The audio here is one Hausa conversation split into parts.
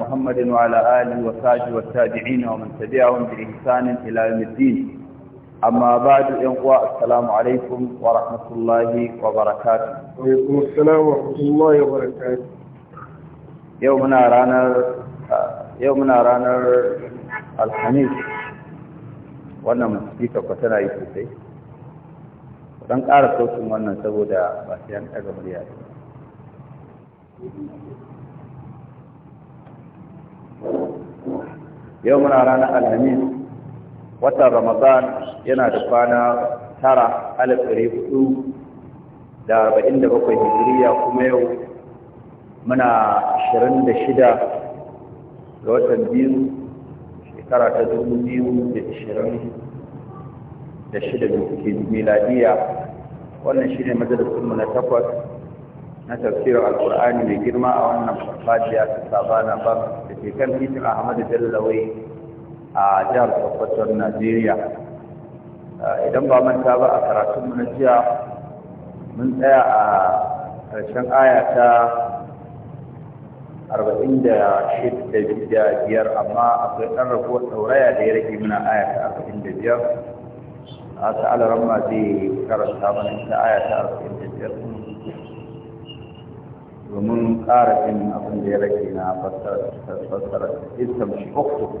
محمد وعلى آله وصحبه والتابعين ومن تبعهم بإحسان إلى يوم الدين أما بعد إنقواء السلام عليكم ورحمة الله وبركاته وعليكم السلام ورحمة الله وبركاته يومنا رانر يومنا رانر الحميد wannan masifika ko tana yi sosai don ƙara sautin wannan saboda ba sai an ɗaga murya yau muna ranar alhamis watan ramadan yana da kwana tara alif ɗari hudu da arba'in da bakwai hijiriya kuma yau muna ashirin da shida ga watan biyu shekara ta dubu biyu da ashirin da shida da suke miladiya wannan shi shine majalisunmu na takwas na tafsirar alkur'ani mai girma a wannan farfajiya ta sabana ba ke kan titin ahmadu jallawai a jihar tabbatar najeriya eh, idan ba manta ba a karatunmu na jiya mun tsaya a ƙarshen aya ta arba'in da shida da biyar amma akwai ɗan raguwar tauraya da ya rage muna aya ta arba'in da biyar a ta'ala ramma zai karanta mana ta aya ta arba'in da biyar ومن قارئ من أبن ديركينا فسرت إذ تمشي أختك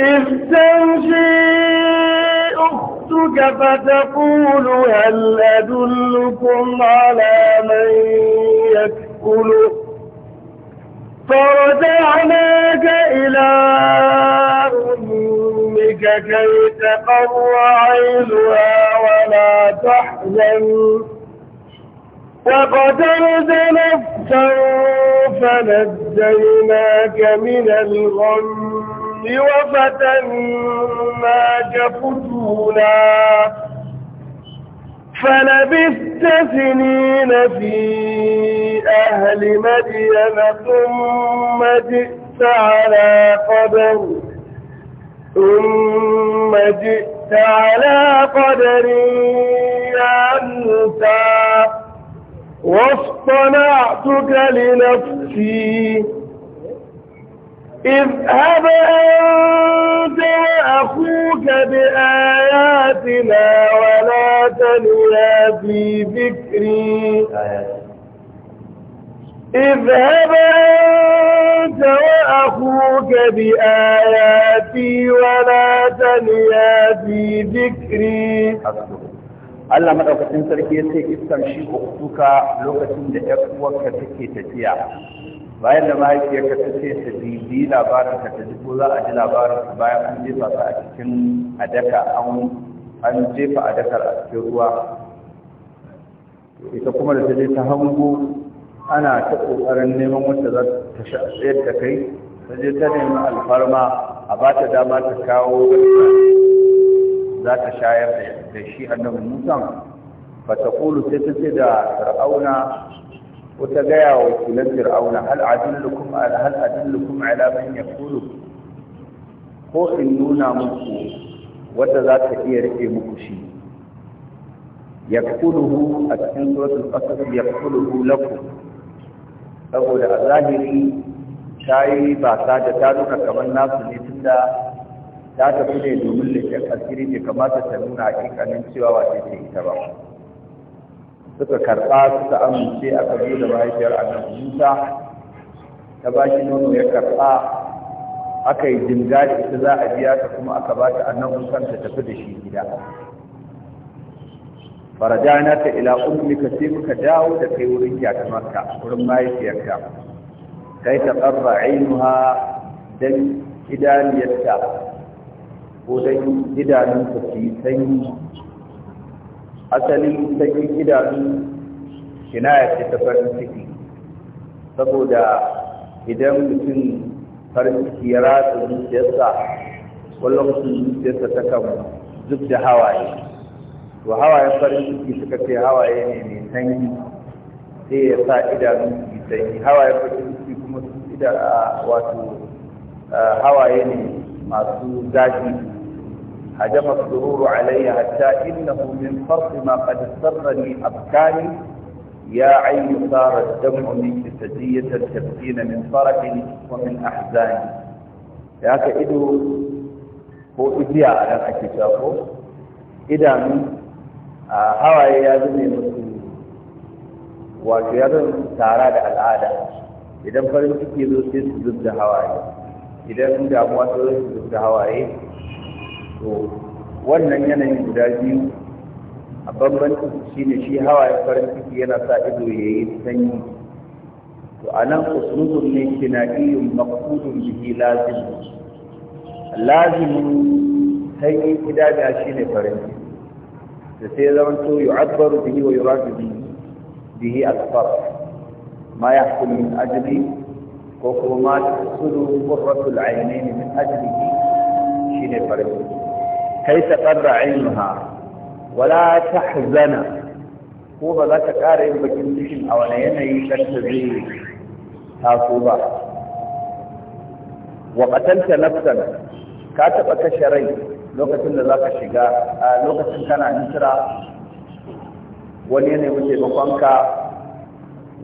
إذ تمشي أختك فتقول هل أدلكم على من يكله فرجعناك إلى أمك كي تقر عينها ولا تحزن وقتلت نفسا فنجيناك من الغم وفتناك فتونا فلبثت سنين في أهل مدين ثم جئت على قدر ثم جئت على قدر يا موسى واصطنعتك لنفسي اذهب أنت وأخوك بآياتنا ولا تنيا في ذكري اذهب أنت وأخوك بآياتي ولا تنيا في ذكري Allah madaukakin sarki ya ce iskan shi kuka lokacin da ƴar uwarka take tafiya bayan da mahaifiyarka ta ce ta bibi labarin ta ji ko za a ji labarin ka bayan an jefa ka a cikin adaka an an jefa adakar a cikin ruwa ita kuma da ta je ta hango ana ta kokarin neman wanda za ta tsayar da kai ta je ta nemi alfarma a ba ta dama ta kawo za ta shayar da shi annabi musa fa ta kulu sai ta ce da fir'auna ko ta gaya wa wakilan fir'auna hal adillukum ala hal adillukum ala ko in nuna muku wadda za ta iya rike muku shi yaquluhu a cikin suratul qasas yaquluhu lakum saboda a zahiri ta yi ba ta da ta nuna kamar nasu ne tunda ta tafi ne domin leƙen asiri bai kamata ta nuna hakikanin cewa wace ce ita ba suka karɓa suka amince a kabilu da mahaifiyar annabi musa ta ba shi nono ya karɓa aka yi jinga da ita za a biya ta kuma aka ba ta annabi musa ta tafi da shi gida farajana ta ila ummika sai muka dawo da kai wurin yakamarka wurin mahaifiyarka kai ta tsarra ainuha dan idaniyarta ko dai idanunsa su yi sanyi asali sanyin idanu ya ce ta farin ciki saboda idan mutum farin ciki ya ratsa zuciyarsa wani su zuciyarsa ta kan zub da hawaye to hawayen farin ciki suka ce hawaye ne mai sanyi sai ya sa idanu su yi sanyi hawayen farin ciki kuma su ida wato eh, hawaye ne masu zafi هجم السرور علي حتى إنه من فرط ما قد سرني أبكاني يا عين صار الدمع من جسدية التبكين من فرح ومن أحزان يا كإدو هو إديا على أكتشافه إذا من هوا يا زمي wato ya zan tara da al'ada idan farin ciki zo sai su zub da hawaye to wannan yanayin guda biyu a bambancin ne shi hawa ya farin ciki yana sa ido ya yayi sanyi to a anan uslubun ne kinaiyyun maqsudun bihi lazim lazimin sanyi kidada shine farin ciki da sai zaman to yu'abbaru bihi wa yuradu bihi bihi al-far ma yahkum min ajli ko kuma ma tusudu qurratul aynayn min ajlihi shine farin ciki kai ta tsarra ilmuha wala ta hazana ko ba za ka ƙara yin bakin cikin a wani yanayi kan ta zai taso ba wa ƙatanta nafsan ka taɓa kashe rai lokacin da za ka shiga a lokacin kana nisira wani yanayi wuce bakonka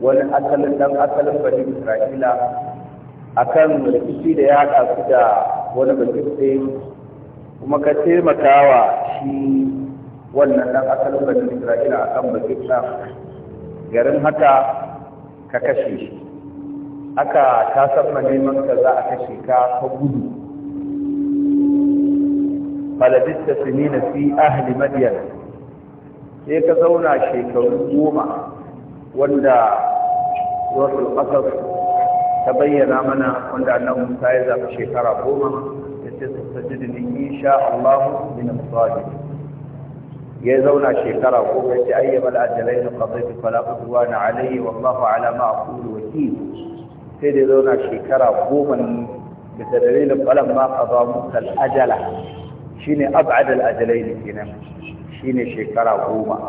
wani asalin ɗan asalin bani isra'ila akan rikici da ya haɗa da wani bakin tsayin kuma ka taimakawa shi wannan ɗan asalin bakin isra'ila a kan bakin garin haka ka kashe shi aka ta sabna neman ka za a kashe ka ka gudu faladista sinina fi ahli madiyan sai ka zauna shekaru goma wanda wasu ƙasar ta bayyana mana wanda annabi musa ya zaɓi shekara goma tastajidni insha Allah min as-sabirin ya zauna shekara ko kai sai ayyaba al-ajalain qadaytu fala udwana alayhi wallahu ala ma aqulu wakil sai da zauna shekara goma da dalilin falan ma qada mutal ajala shine ab'ad al-ajalain kenan shine shekara goma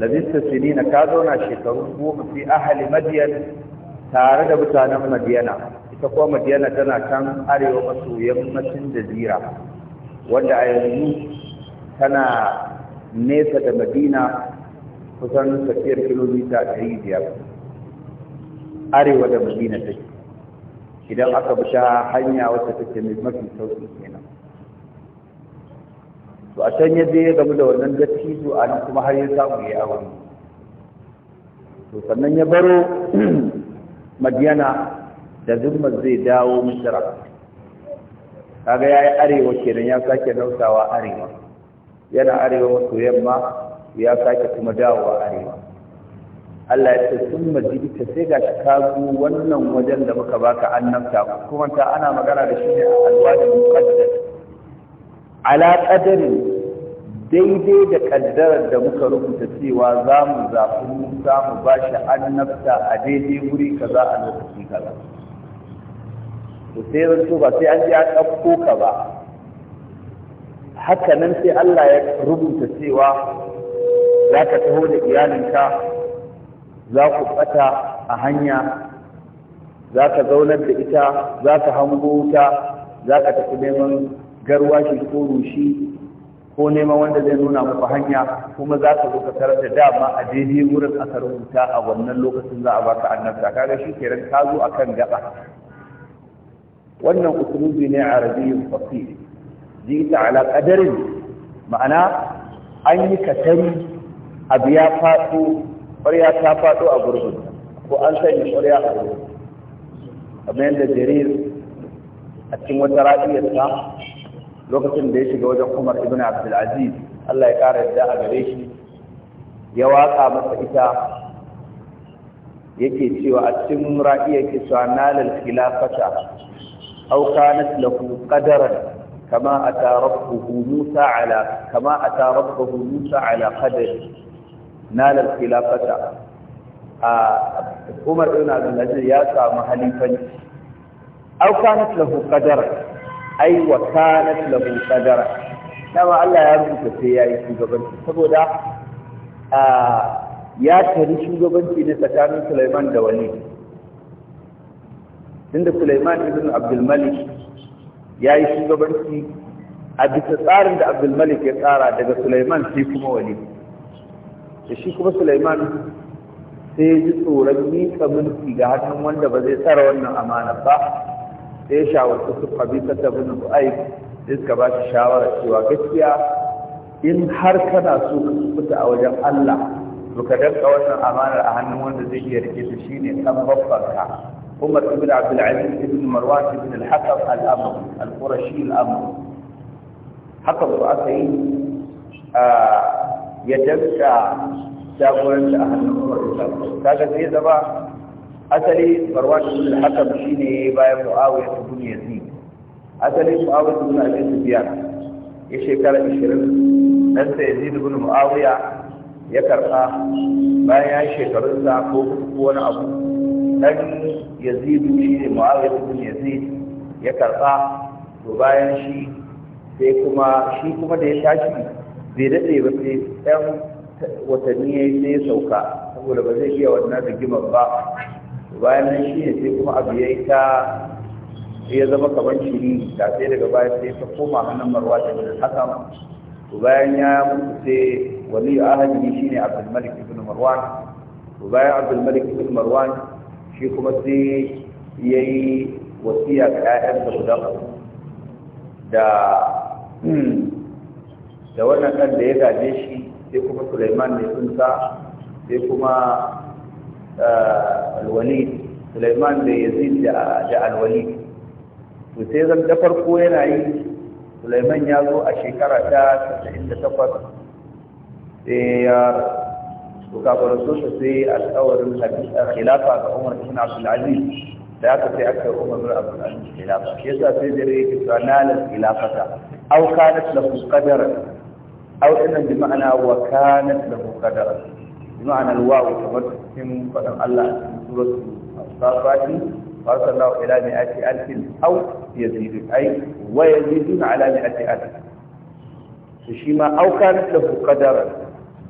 labista sinina ka zauna shekaru goma fi ahli madyan tare da mutanen madiyana ta kuma madiyana tana can arewa maso yammacin jazira wanda a yanzu tana nesa da madina kusan tafiyar kilomita ɗari biyar arewa da madina take idan aka bi ta hanya wata take mai mafi sauƙi kenan to a can yadda ya gamu da wannan dattijo a nan kuma har ya samu ya aure to sannan ya baro madiyana da zumma zai dawo misira kaga ya yi arewa kenan ya sake nausawa arewa yana arewa maso yamma ya sake kuma dawowa arewa Allah ya ce zai ta sai ga shi wannan wajen da muka baka annabta kuma ta ana magana da shi ne a alwadin muqaddas ala qadari daidai da kaddarar da muka rubuta cewa za mu zafi mu za mu ba shi annabta a daidai wuri kaza a lokaci kaza to sai ran ba sai an ji an ɗauko ka ba haka nan sai Allah ya rubuta cewa za ka taho da iyalinka za ku bata a hanya za ka zaunar da ita za ka hango wuta za ka tafi neman shi ko rushi ko neman wanda zai nuna muku hanya kuma za ka zo ka da dama a daidai wurin aka rubuta a wannan lokacin za a baka annabta kaga shi ke ran ka zo akan gaba wannan usulubi ne arabiyyun fasih jita ala qadarin ma'ana an yi katari abu ya faɗo ƙwarya ta faɗo a gurbin ko an sanya ƙwarya a gurbin kamar yadda jarir a cikin wata ra'iyarsa lokacin da ya shiga wajen umar ibn abdulaziz allah ya ƙara yadda a gare shi ya waka masa ita yake cewa a cikin ra'iyar ke cewa khilafata أو كانت له قدرا كما أتى ربه موسى على كما أتى ربه موسى على قدر نال الخلافة عمر بن عبد العزيز يا سام حليفا أو كانت له قدرا أي وكانت له قدرا كما الله يرزق في يا شغبان saboda ya tari shugabanci ne tsakanin Sulaiman da Wali tunda Suleiman ibn Abdul Malik yayi shugabanci a bisa tsarin da Abdul Malik ya tsara daga Suleiman sai kuma wali da shi kuma Sulaiman sai ya ji tsoron miƙa mulki ga hannun wanda ba zai tsara wannan amana ba sai ya shawarci su Habisa ta bin Bu'ayb sai suka ba shi shawara cewa gaskiya in har kana so ka fita a wajen Allah to ka danka wannan amanar a hannun wanda zai iya rike shi shine dan babban ka عمر بن عبد العزيز بن مروان بن الحكم الأمر القرشي الأمر حتى رأسين آه، يجبك آه، جاغوين أهل عمر الإسلام كاجة في زبا أسلي مروان بن الحكم شيني باية مؤاوية بن يزيد أسلي مؤاوية بن أبي سبيان يشي كالا يشيرن نفس يزيد بن مؤاوية يكرقى باية شيكرزا فوق وانا أبو dan yazidu shi ne mu'awiyar ibn yazid ya karɓa to bayan shi sai kuma shi kuma da ya tashi bai daɗe ba sai ɗan watanni ya yi sai sauka saboda ba zai iya wannan rigimar ba bayan nan shi ne sai kuma abu ya yi ta ya zama kamar shiri ta sai daga baya sai ta koma hannun marwa ta bin hasan to bayan ya mutu sai wali ahadi shi ne abdulmalik ibn marwan to bayan abdulmalik ibn marwan shi kuma sai ya yi wasiya ga 'ya'yansa guda da hmm, da wannan ɗan da ya gaje shi sai kuma suleiman mai sunsa sai kuma eh, alwali suleiman da yazid da alwali to sai zan da farko yana yi suleiman ya zo a shekara ta 98 sai ya to kafin rasulsa sai alkawarin eh, khilafa ga umar ibn abdul aziz da aka sai aka yi umar ibn abdul aziz khilafa shi yasa sai da yake cewa nalar khilafata aw kanat lahu qadara aw inna bi ma'ana wa kanat lahu qadara bi ma'ana alwaw kamar cikin fadan Allah a cikin suratul as-safati farsalahu ila mi'ati alfin aw yazidu ay wa yaziduna ala mi'ati alf shi ma aw kanat lahu qadara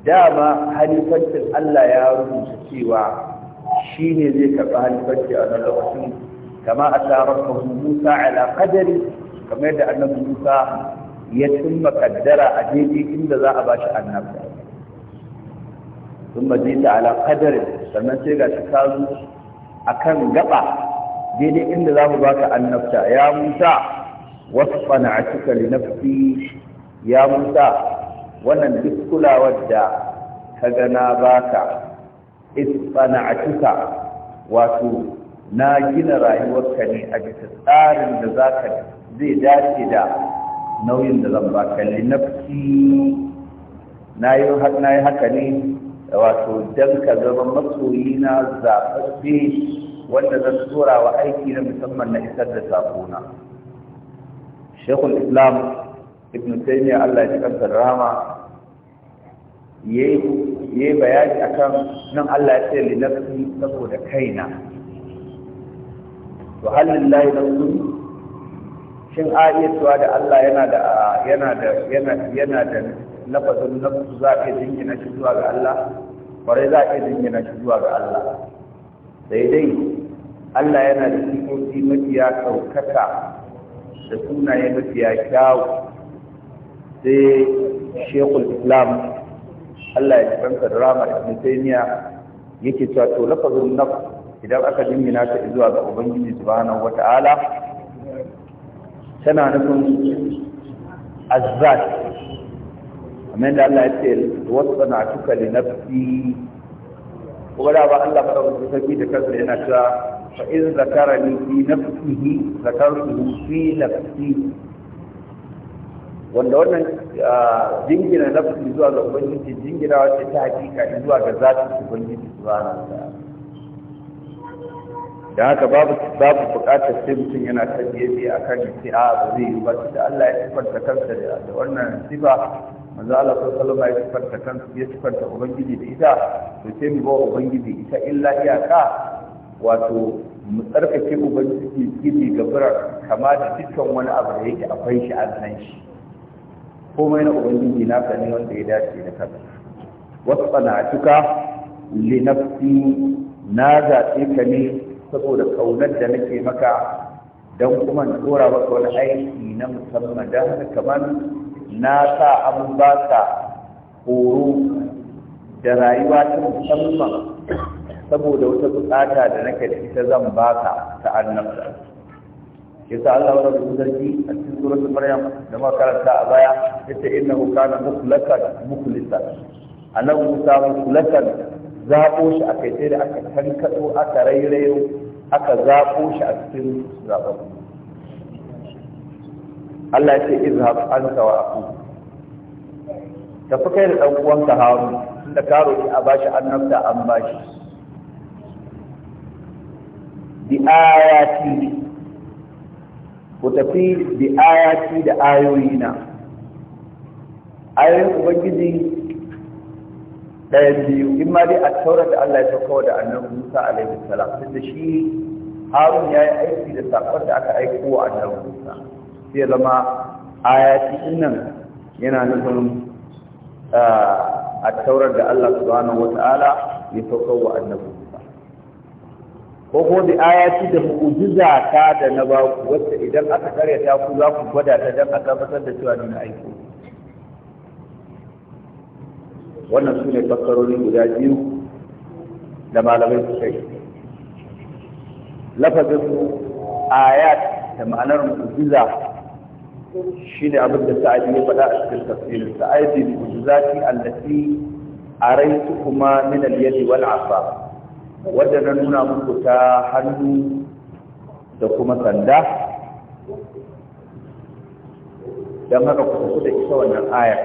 dama halifancin Allah ya rubuta cewa shi ne zai karɓi halifanci a lokacin kama a tsarar Musa ala kadari kamar yadda annabi Musa ya cimma kaddara a daidai inda za a ba shi annabta sun majita ala kadari sannan sai ga shi kazu a kan gaba daidai inda za mu ba ka annabta ya Musa wasu fana a cika linafsi ya Musa wannan duk kulawar da ka ga na baka isfana'atuka wato na gina rayuwarka ne a bisa tsarin da za ka zai dace da nauyin da zan baka linafsi na yi haka ne wato don ka zama masoyi na zaɓaɓɓe wanda zan tura wa aiki na musamman na isar da sakona shekul islam ibn taymiya Allah ya kansa rahama yayi yayi bayani akan nan Allah ya ce li nafsi saboda kaina to hal lillahi nafsu shin ayatuwa da Allah yana da yana da yana yana da lafazin nafsu za ka jingina shi zuwa ga Allah kwarai za ka jingina shi zuwa ga Allah sai dai Allah yana da sifofi mafiya ɗaukaka da sunaye mafiya kyawu sai shekul islam allah ya kanta da rama da taymiya yake cewa to lafazin naf idan aka jingina ta zuwa ga ubangiji subhanahu wata'ala tana nufin azzat amma da Allah ya ce na tuka li nafsi kuma da ba Allah fara wasu sarki da kansa yana cewa fa in zakarani fi nafsihi zakartuhu fi nafsi wanda wannan jingina na fusi zuwa ga ubangiji jingina wacce ta hakika zuwa ga su ubangiji zuwa wa da haka babu babu bukatar sai mutum yana ta biye a kan yake a ba zai yi ba da Allah ya sifanta kansa da wannan sifa manzo Allah sallallahu alaihi ya sifanta kansa ya sifanta ubangiji da ita to sai mu ba ubangiji ita illa iyaka wato mu tsarkake ubangiji gibi gabara kama da dukkan wani abu da yake akwai shi a nan shi komai na ubangiji na sani wanda ya dace da kanka wasu cika linafsi na zaɓe ka ne saboda kaunar da nake maka don kuma na tsora maka wani aiki na musamman don haka kamar na sa an ba ka horo da rayuwa ta musamman saboda wata bukata da nake da ita zan ba ka ta annabta yasa Allah wani a suratul maryam da muka karanta a baya yace innahu kana mukhlasan mukhlisan annabi musa mukhlasan zabo shi da aka a cikin zaɓen Allah ce izhab anta wa aku tafi kai da ɗan haru tunda ka roƙi a bashi annabta an bashi bi ayati ku tafi bi ayati da ayoyina ayoyin ubangiji ɗaya biyu in ma dai a taurar da Allah ya sauka da annabi Musa alaihi salam tunda shi Harun ya yi aiki da saƙon da aka aiko wa annabi Musa sai ya zama ayati nan yana nufin ah, a taurar da Allah subhanahu ta'ala ya sauka wa annabi ko ko da ayati da mu'jiza ta da na ba ku wacce idan aka ta ku za ku gwada ta dan aka fasar da cewa ni na Wannan wannan sune fasarori guda biyu da malamai su yi lafazin ayat da ma'anar mu'jiza shine abin da sa'adi ya faɗa a cikin tafsirin sa'adi mu'jizati allati kuma min al-yadi wal 'asab wadda na nuna muku ta hannu da kuma sanda don haka ku tafi da ita wannan ayar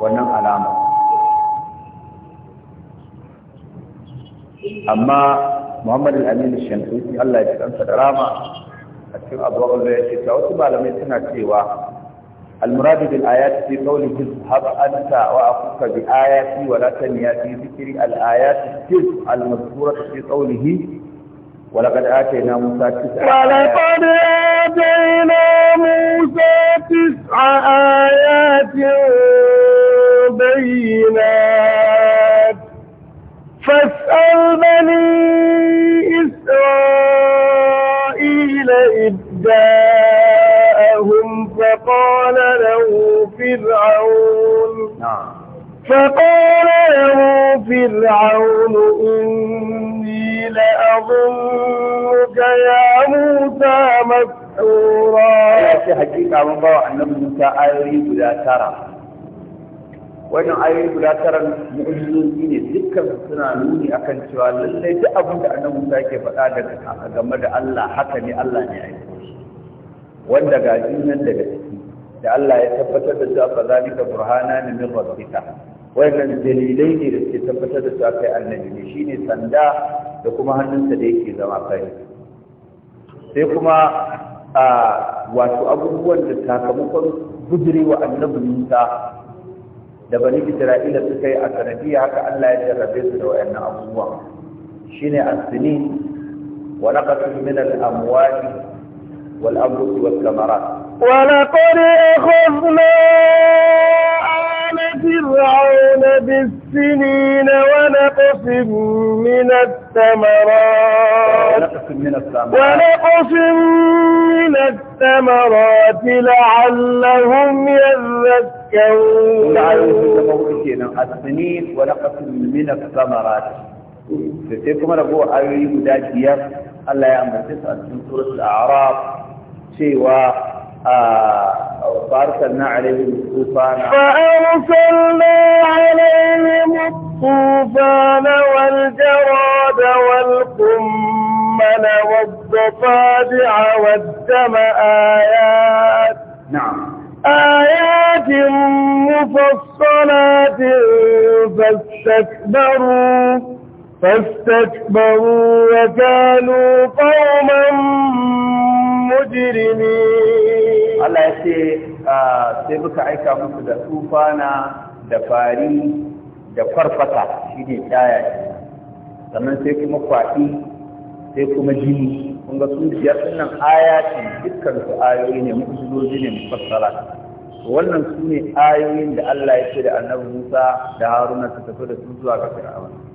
wannan alama amma muhammadu aminu shantuki allah ya ci da rama a cikin abuwa ya ce ta wasu malamai suna cewa المراد بالآيات في قوله اذهب أنت وأخوك بآياتي ولا تنيا في ذكر الآيات التسع المذكورة في قوله ولقد آتينا موسى تسع ولقد آتينا موسى تسع آيات بينات فاسأل بني إسرائيل إذ فقال له فرعون نعم. فقال له فرعون إني لأظنك يا موسى مكتورا في حقيقة من بوا أن موسى أيري لا ترى وأن أيري لا ترى المؤمنين إن ذكا سنة نوني أكن شوال لسيت أبو أن موسى كيف أدك أغمد الله حتى ني الله نعيد wanda ga nan daga ciki da Allah ya tabbatar da cewa fadalika burhana min rabbika wannan dalilai ne da suke tabbatar da cewa kai annabi ne shine sanda da kuma hannunsa da yake zama kai sai kuma a wato abubuwan da sakamakon wa annabi Musa da bani Isra'ila suka yi a sanadiyya haka Allah ya jarrabe su da wayannan abubuwa shine asini wa laqad min al-amwali والأنفس والثمرات ولقد أخذنا آل فرعون بالسنين ونقص من الثمرات ونقص من الثمرات لعلهم يذكرون السنين ونقص من الثمرات da sai kuma rabuwa ayoyi guda biyar Allah ya ambace su a cikin suratul a'raf cewa فأرسلنا عليهم الطوفان فأرسلنا عليهم الطوفان والجراد والقمل والضفادع والدم آيات نعم آيات مفصلات فاستكبروا فاستكبروا وكانوا قوما مجرمين الله يسي ah, sai muka aika musu da tufana da fari da farfata shi ne kyaya sannan sai kuma kwaɗi sai kuma jini kun ga sun biyar nan aya ce dukkan su ayoyi ne mu'ujizoji ne mufassara wannan su ne ayoyin da Allah ya ce da Annabi Musa da Haruna su tafi da su zuwa ga Fir'auna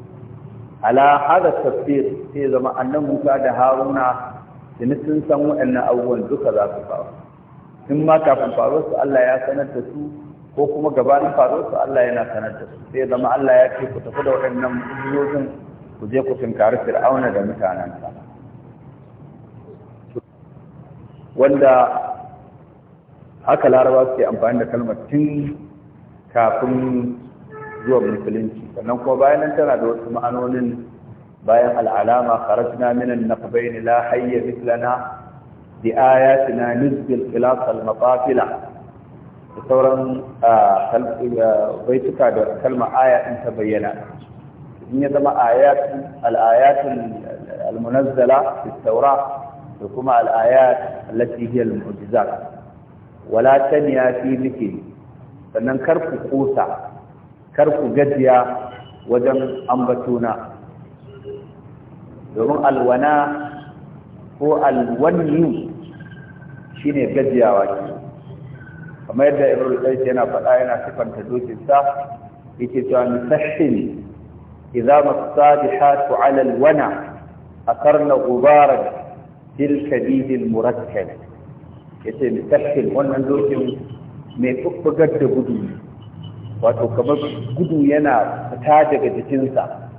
ala hada tafsir sai zama annan Musa da Haruna tuni sun san waɗannan abubuwan duka za su faru in ma kafin faruwar su Allah ya sanar da su ko kuma gabanin faruwar su Allah yana sanar da su sai zama Allah ya ce ku tafi da waɗannan ubiyoyin ku je ku tunkari Fir'auna da mutanensa wanda haka laraba suke amfani da kalmar tun kafin zuwa mulkulinki sannan kuma bayan nan tana da wasu ma'anonin bayan al'alama kharajna minan naqbayn la hayya mithlana bi ayatina nuzbil khilaf al maqafila da sauran baituka da kalma aya din ta bayyana in ya zama ayat al ayat al munazzala fi tawra da kuma al ayat allati hiya al mu'jizat wala tanya fi dhikri sannan karku kusa kar ku gajiya wajen ambatuna domin alwana ko alwanyu shine gajiyawa ke kamar yadda ibrul qais yana faɗa yana sifanta dokinsa yake cewa misashin idza masadihatu ala alwana akarna gubaran fil kabid murakkab yace misashin wannan dokin mai kubbugar da gudu wato kamar gudu yana fita daga jikinsa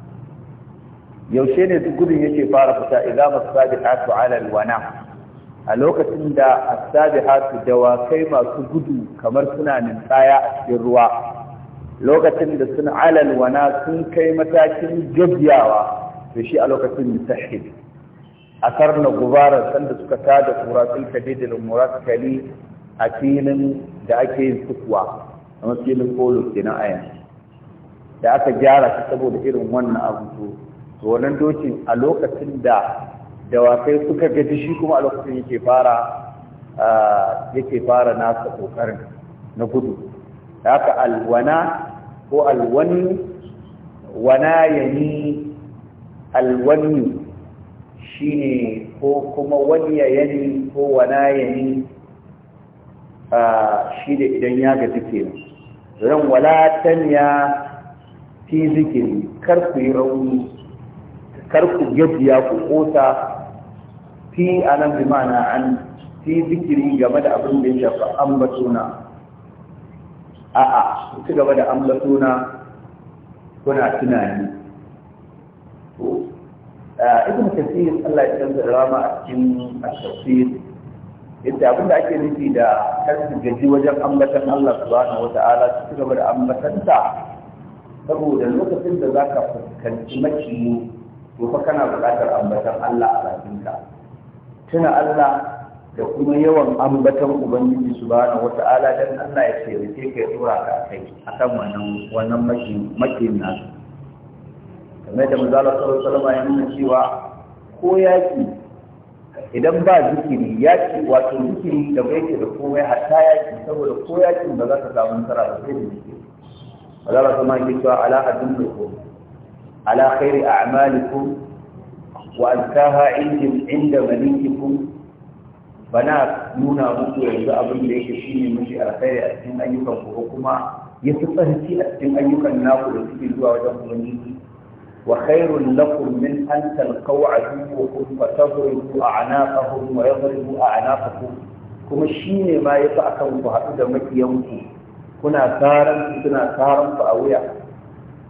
yaushe ne gudun yake fara fita idan masabihatu alal wana. a lokacin da asabihatu dawakai masu gudu kamar suna nintsaya a cikin ruwa lokacin da sun alal wana sun kai matakin gajiyawa to shi a lokacin mutahid a na gubarar sanda suka tada kura sun kadidil murakali a filin da ake yin sukuwa kamar filin polo kenan a yanzu da aka gyara shi saboda irin wannan abu to to wannan dokin a lokacin da dawakai suka gaji shi kuma a lokacin yake fara yake fara nasa kokarin na gudu da aka alwana ko alwani wana yani alwani shine ko kuma wani yani ko wana yani shi da idan ya gaji kenan ran wala tanya fi zikiri kar ku yi rauni kar ku gajiya ku kota fi anan bi mana an fi zikiri game da abin da ya shafi ambatuna a'a ci gaba da ambatuna kuna tunani ibn kasir Allah ya canza rama a cikin tafsir yadda abin da ake nufi da kan su gaji wajen ambatan Allah subhanahu ta'ala, su ci gaba da ambatanta saboda lokacin da zaka fuskanci makiyi to fa kana buƙatar ambatan Allah a bakinka tuna Allah da kuma yawan ambatan ubangiji subhanahu ta'ala, dan Allah ya taimake ka kai dora ka kai akan wannan wannan makin nasu kamar da manzo Allah sallallahu alaihi wasallam ya nuna cewa ko yaki idan ba zikiri ya ce wato zikiri da bai ke da komai hatta ya ce saboda ko ya ce ba za ka samu nasara ba sai da zikiri ba za ka ma ke cewa ala adullukum ala khairi a'malikum wa azkaha inda inda malikikum bana nuna muku yanzu abin da yake shine miji alkhairi a cikin ayyukan ku kuma ya fi tsarki a cikin ayyukan naku da suke zuwa wajen ubangiji وخير لكم من أن تلقوا عدوكم فتضربوا أعناقهم ويضربوا أعناقكم كما الشين ما يطعكم فهذا مكيانكم كنا ثارا كنا ثارا فأويا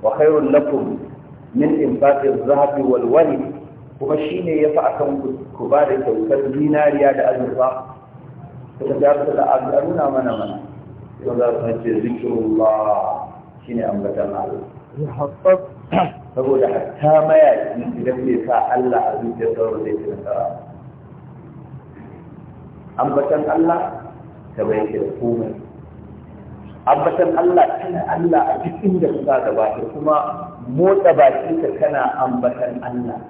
وخير لكم من إنفاق الذهب والولد كما الشين يطعكم كبار توكل ديناريا لألغا فتجارت الأبدالون منا منا يقول الله ذكر الله شين أمرتنا الله saboda hatta mayaƙi idan bai sa Allah a zuciyar sauran zai fi nasara ambatan Allah ta bai ke da komai ambatan Allah tana Allah a duk inda suka sa kuma motsa baki ka kana ambatan Allah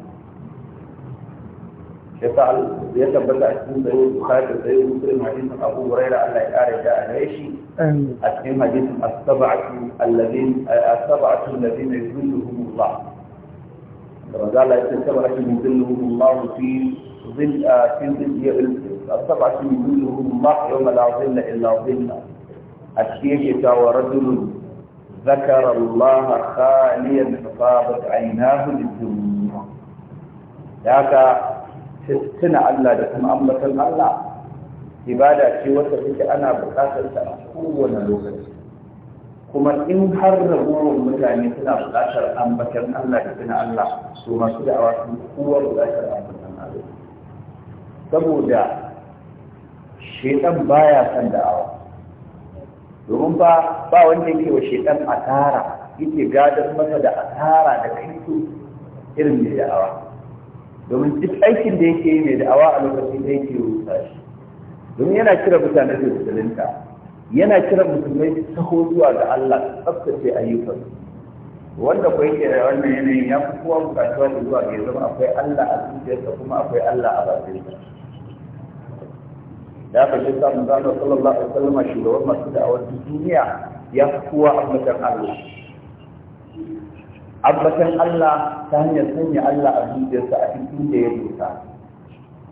يسأل يتبدأ اسم سيد البخاري سيد مسلم حديث أبو هريرة أن لا يقارب عليه أسم حديث السبعة الذين السبعة الذين يذلهم الله رجال السبعة يذلهم الله في ظل آه، في السبعة يذلهم الله يوم لا ظل إلا ظلنا الشيخ ورجل ذكر الله خاليا فطابت عيناه للدنيا ذاك tuna Allah da kuma ambatan Allah ibada ce wata take ana buƙatar ta a kowane lokaci kuma in har ragowar mutane suna buƙatar ambatan Allah da tuna Allah to masu da'awa sun kowa buƙatar ambatan Allah saboda shaitan baya son da'awa domin ba ba wanda yake wa shaitan asara yake gadar masa da asara da kai irin mai da'awa domin duk aikin da yake yi mai da'awa a lokacin da yake rusa shi domin yana kira mutane da musulunta yana kira musulmai su taho zuwa ga Allah su tsaftace ayyukan wanda kuwa yake da wannan yanayin ya fi kowa bukatuwa da zuwa ga zama akwai Allah a zuciyarsa kuma akwai Allah a bakinsa da aka shi samun zama sallallahu alaihi wasallam shugaban masu da'awar duniya ya fi kowa a mutan Allah ambatan Allah ta hanyar sanya Allah a zuciyarsa a cikin da ya dosa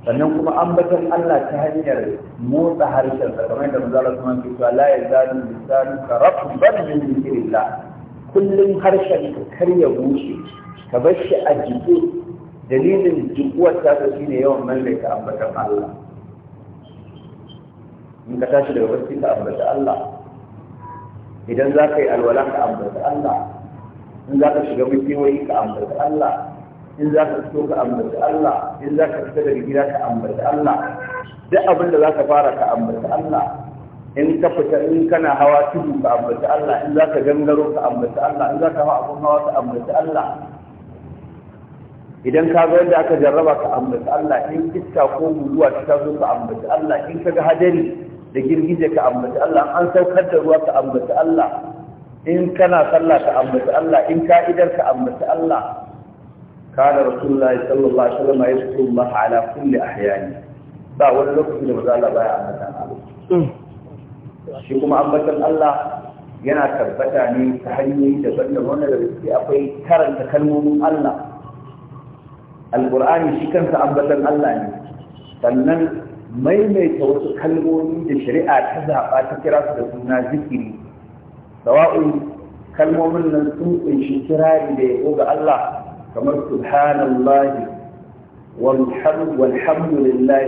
sannan kuma ambatan Allah ta hanyar motsa harshen sa kamar da manzala kuma ke cewa la yazalu lisanu ka rabban min zikrillah kullum harshen ka karya bushe ka bar shi a jiki dalilin jikuwar ta ta shine yawan mallaka ambatan Allah in ka tashi daga barci ka ambata Allah idan za ka yi alwala ka ambata Allah in za ka shiga makewayi ka ambaci Allah in za ka fito ka ambaci Allah in za ka fita daga gida ka ambaci Allah duk abin da za ka fara ka ambaci Allah in ka fita in kana hawa tudu ka ambaci Allah in za ka gangaro ka ambaci Allah in za ka hawa abin hawa ka ambaci Allah idan ka ga wanda aka jarraba ka ambaci Allah in iska ko guguwa ta zo ka ambaci Allah in ka ga hadari da girgije ka ambaci Allah an saukar da ruwa ka ambaci Allah in kana sallah ka ambaci Allah in ka idar ka ambaci Allah kana rasulullahi sallallahu alaihi wasallam ya yasku Allah ala kulli ahyani ba wani lokaci da maza Allah baya ambatan Allah mm. shi kuma ambatan Allah yana tabbata ne ta hanyoyi daban-daban wanda da suke akwai karanta kalmomin Allah alqur'ani shi kansa ambatan Allah ne sannan maimaita wasu kalmomi da shari'a ta zaɓa ta kira su da suna zikiri sawa'un kalmomin nan sun kunshi kirari da yabo ga Allah kamar subhanallah, walhamdulillah,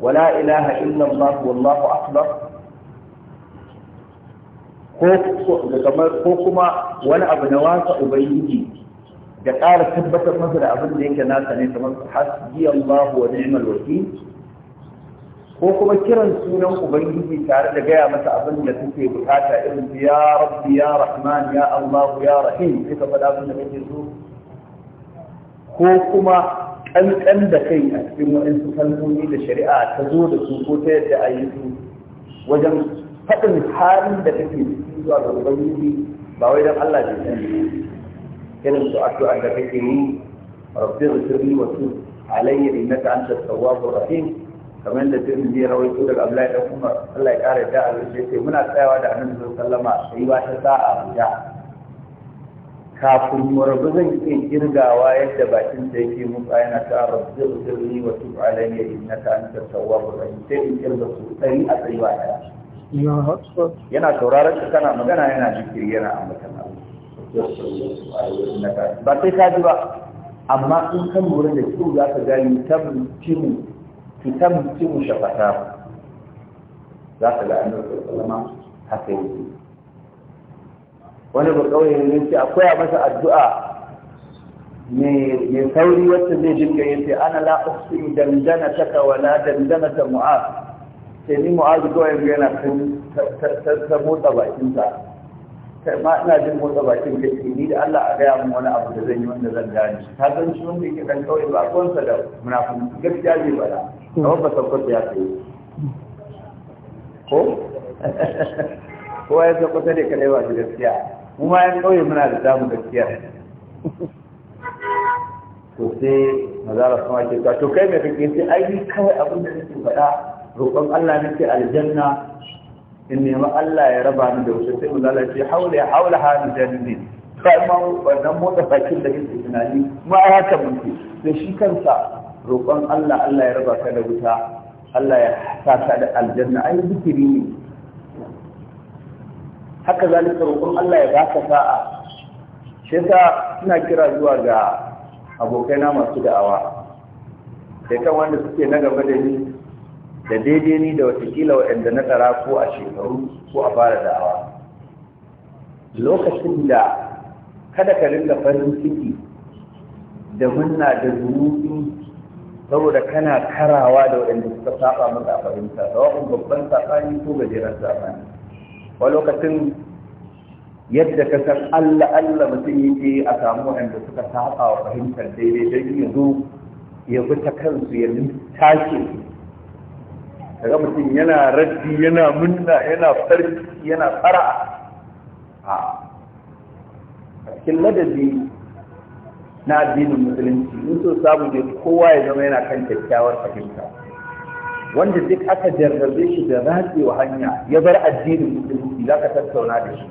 wala ilaha illallah wallahu akbar ko kuma wani abu na wasa ubangiji da ƙara tabbatar masa da abin da yake nasa ne kamar hasbi Allah wa ni'mal wakil ko kuma kiran sunan ubangiji tare da gaya masa abin da suke bukata irin ya rabbi ya rahman ya allah ya rahim sai ka faɗa abin da kake so ko kuma kankan da kai a cikin waɗansu kalmomi da shari'a ta zo da su ko ta yadda a yi su wajen faɗin halin da kake zuwa ga ubangiji ba wai don allah ne irin su addu'a da kake yi rabbi ghfirli wa tub alayya innaka antat tawwabur rahim kamar da tirmidhi ya rawaito daga Abdullahi da Umar Allah ya kare da ya ce muna tsayawa da Annabi sallama sai ba ta sa'a guda kafin murabu zan iya girgawa yadda bakin da yake mutsa yana ta rabbi zirni wa tub alayya innaka anta tawwabur rahim sai in kirga su sai a tsayuwa ta. yana sauraron ka kana magana yana jikiri yana ambata Allah ba sai ka ji ba amma in kan lura da kyau za ka gani tabbacin تتمتم شفتاه ذات العلم والعلماء حتى يجي وانا بقوله ان انت اقوى مثلا الدعاء من ثوري والتزيجين كي انت انا لا اخصي دمدنتك ولا دمدنت معاذ تني معاذ قوي بينا تموت بايتنك كما انا جن موت بايتنك تريد ان لا اغيى مولا ابو تزيني وانا ذا جاني هذا نشون بيك ان قوي باقون سلو منافق قد جاجي بلا kawai ba sakkwato ya kai ko kowa ya sakkwato ne kadai ba shi gaskiya mu ma yan kauye muna da damu gaskiya to sai mazara sama ke to kai mai kake sai ai ni kawai abin da nake faɗa roƙon Allah nake aljanna in nemi Allah ya raba ni da wuce sai mu lalace haula haula ha janni sai ma wannan motsa bakin da kake tunani ma haka mun ce sai shi kansa roƙon Allah Allah ya raba ka da wuta Allah ya sa da aljanna ai zikiri ne haka zalika roƙon Allah ya baka sa'a shi yasa ina kira zuwa ga abokaina masu da'awa sai kan wanda suke na gaba da ni da daidai ni da watakila waɗanda na tsara ko a shekaru ko a fara da'awa lokacin da kada ka rinka farin ciki da munna da zurufi saboda kana karawa da waɗanda suka saba maka a fahimta wakon babban saɓani ko gajeren saɓani wa lokacin yadda ka san Allah Allah mutum yake a samu waɗanda suka saba wa fahimtar daidai don ya zo ya bi ta kansu ya tashi daga mutum yana raddi yana munna yana farki yana fara a cikin ladabi na addinin musulunci in so samu ne kowa ya zama yana kan kyakkyawar fahimta wanda duk aka jarrabe shi da ratsewa hanya ya bar addinin musulunci za ka tattauna da shi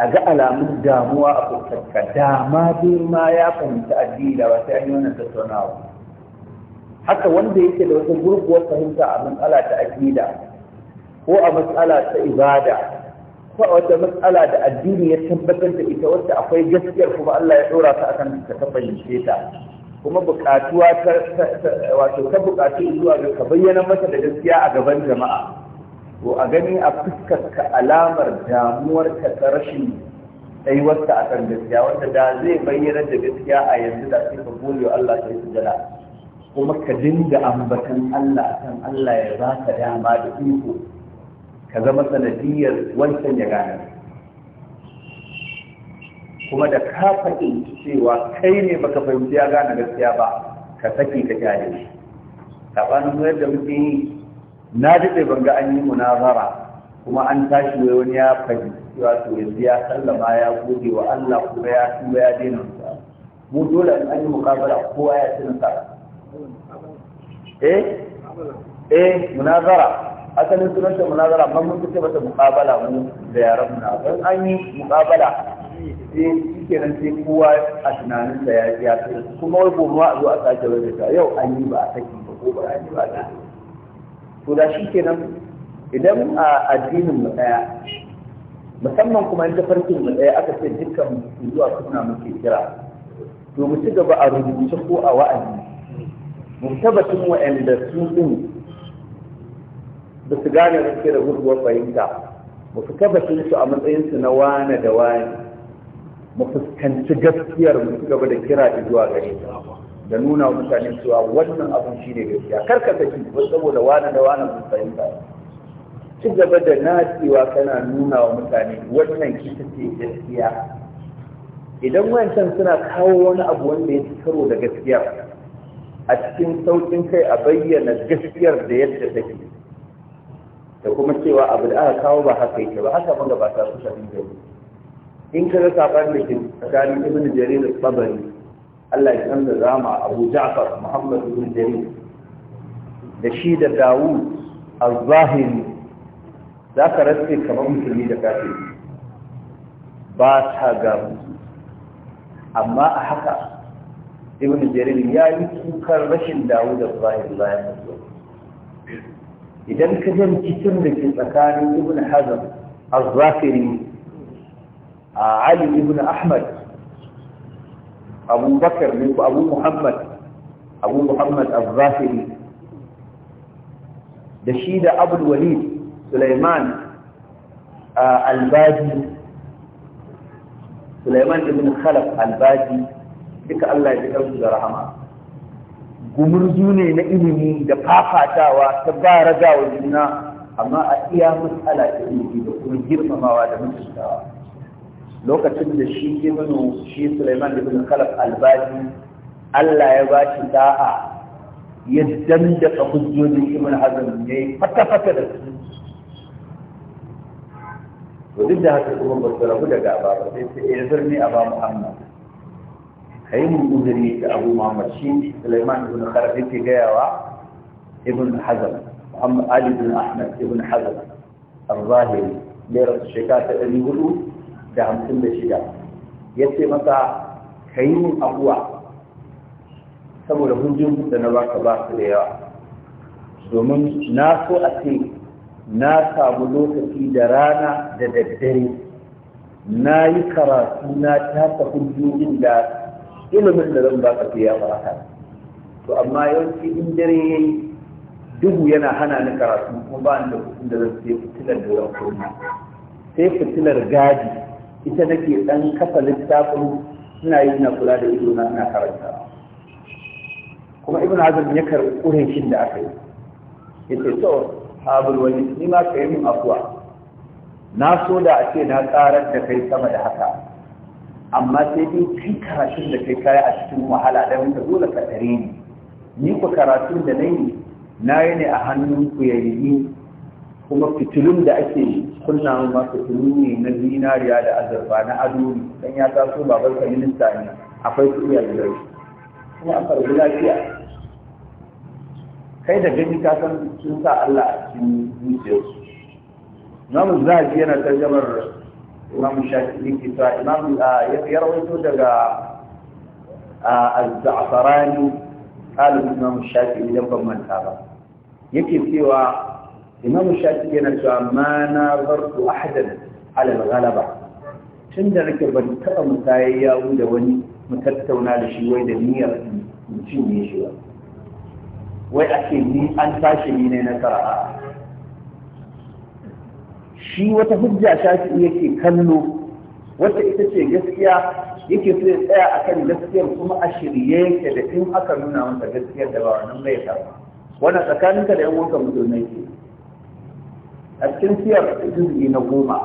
a ga alamun damuwa a fuskarka dama ma ya fahimci addini da sai an yi wannan tattaunawa haka wanda yake da wata gurguwar fahimta a matsala ta aƙida ko a matsala ta ibada ba wata matsala da addini ya tabbatar da ita wacce akwai gaskiyar kuma Allah ya dora ta akan ta fahimce ta kuma bukatuwa ta wato ta bukatu zuwa ga ka bayyana mata da gaskiya a gaban jama'a to a gani a fuskar ka alamar damuwar ka ta rashin tsayuwar ta akan gaskiya wanda da zai bayyana da gaskiya a yanzu da sai ka gode Allah sai su jira kuma ka dinga ambatan Allah kan Allah ya baka dama da iko ka zama sanadiyar wancan ya gane kuma da ka faɗi cewa kai ne baka fahimci ya gane gaskiya ba ka saki ka kyale shi saɓanin da muke yi na daɗe ban ga an yi munazara kuma an tashi wai wani ya fahimci to yanzu ya sallama ya gode wa Allah kuma ya tuba ya daina mu dole an yi mukabala kowa ya ci nasara eh eh munazara asalin sunan ta munazara amma mun kace mata muqabala mu da yaran mu dan an yi muqabala sai ke nan sai kowa a tunanin da ya ya kuma wai gobe a zo a sake rubuta yau an yi ba a saki ba ko ba an yi ba da to da shi ke nan idan a addinin mu daya musamman kuma inda farkin mu daya aka ce dukkan zuwa suna muke kira to mu ci gaba a rubuce ko a wa'azi mu tabbatin wa'anda su din ba su gane ba suke da gurguwar fahimta mu fita sun su a matsayinsu na wane da wane mu fuskanci gaskiyar mu su gaba da kira zuwa gare ta da nuna wa mutane cewa wannan abin shi ne gaskiya kar ka saki ba saboda wane da wane mun fahimta ci gaba da nacewa kana nuna wa mutane wannan kita ce gaskiya idan wancan suna kawo wani abu wanda ya ci karo da gaskiya a cikin sauƙin kai a bayyana gaskiyar da yadda take da kuma cewa abu da aka kawo ba haka yake ba haka ban gabata su shafi da in ka rasa ban da ke tsakanin ibnu jarir da tabari Allah ya san da zama Abu Ja'far Muhammad ibn Jarir da shi da Dawud az-Zahiri za ka rasa kamar musulmi da kafin? ba ta gamu amma a haka ibn jarir ya yi kukan rashin Dawud az-Zahiri bayan idan ka jan cikin da ke tsakanin ibn hazm az-zafiri a ali ibn ahmad abu bakar ne ko abu muhammad abu muhammad az-zafiri da shi da abul walid sulaiman al-badi sulaiman ibn khalaf al-badi duka Allah ya ji da rahama gumurzu ne na ilimi da fafatawa ta ba ragawa juna amma a iya matsala ta ilimi da kuma girmamawa da mutuntawa lokacin da shi ibnu shi Sulaiman ibn Khalaf al albashi, Allah ya ba shi da'a ya ka hujjojin Ibn Hazm ya yi fata-fata da su to da haka kuma ba rabu daga gaba ba sai sai ya eh, zarni a ba Muhammad ka yi mun uzuri da abu muhammad shi sulaiman ibn kharaf yake gayawa ibn hazm muhammad ali ibn ahmad ibn hazm al-zahiri da su shekara ta ɗari hudu da hamsin da shida ya ce masa ka yi mun abuwa saboda hujjin da na baka ba su da yawa domin na so a ce na samu lokaci da rana da daddare na yi karatu na tafa hujjojin da ilimin da zan baka sai ya faraka to amma yawanci in dare yayi duhu yana hana ni karatu kuma ba ni da kuɗin da zan sai fitilar da zan koyi sai fitilar gadi ita nake dan kafa littafin ina yi na kula da ido na ina karanta kuma ibn azam ya karɓi ƙurashin da aka yi ya ce to habul wani ni ma ka yi min afuwa na so da a ce na tsarar da kai sama da haka amma sai dai kai karatun da kai kaya a cikin wahala da wanda dole ka tare ni ni ku karatun da nayi yi na yi ne a hannun ku yayi kuma fitilun da ake kunna ma fitilu ne na zinariya da azurfa na ado dan ya taso baban ka minista ne akwai kuɗi a gidan kuma a karbi lafiya kai da gani ka san sun sa Allah a cikin zuciyarsu Namu zaji yana tarjamar imam shafi'i ke imam ah, ya daga ah, az-za'farani qalin imam shafi'i ban manta ba yake cewa imam shafi'i yana cewa ma na zartu ahadan ala al-ghalaba tun da nake ban taɓa musayar yawo da wani mu tattauna da shi wai da niyyar mu cinye shi ba wai ake ni an tashi ni ne na sara'a shi wata hujja shafi yake kallo wata ita ce gaskiya yake so ya tsaya a kan gaskiyar kuma a shirye yake da in aka nuna masa gaskiyar da ba wannan bai karba wannan tsakaninka da yan wanka musulmai ke a cikin siyar juz'i na goma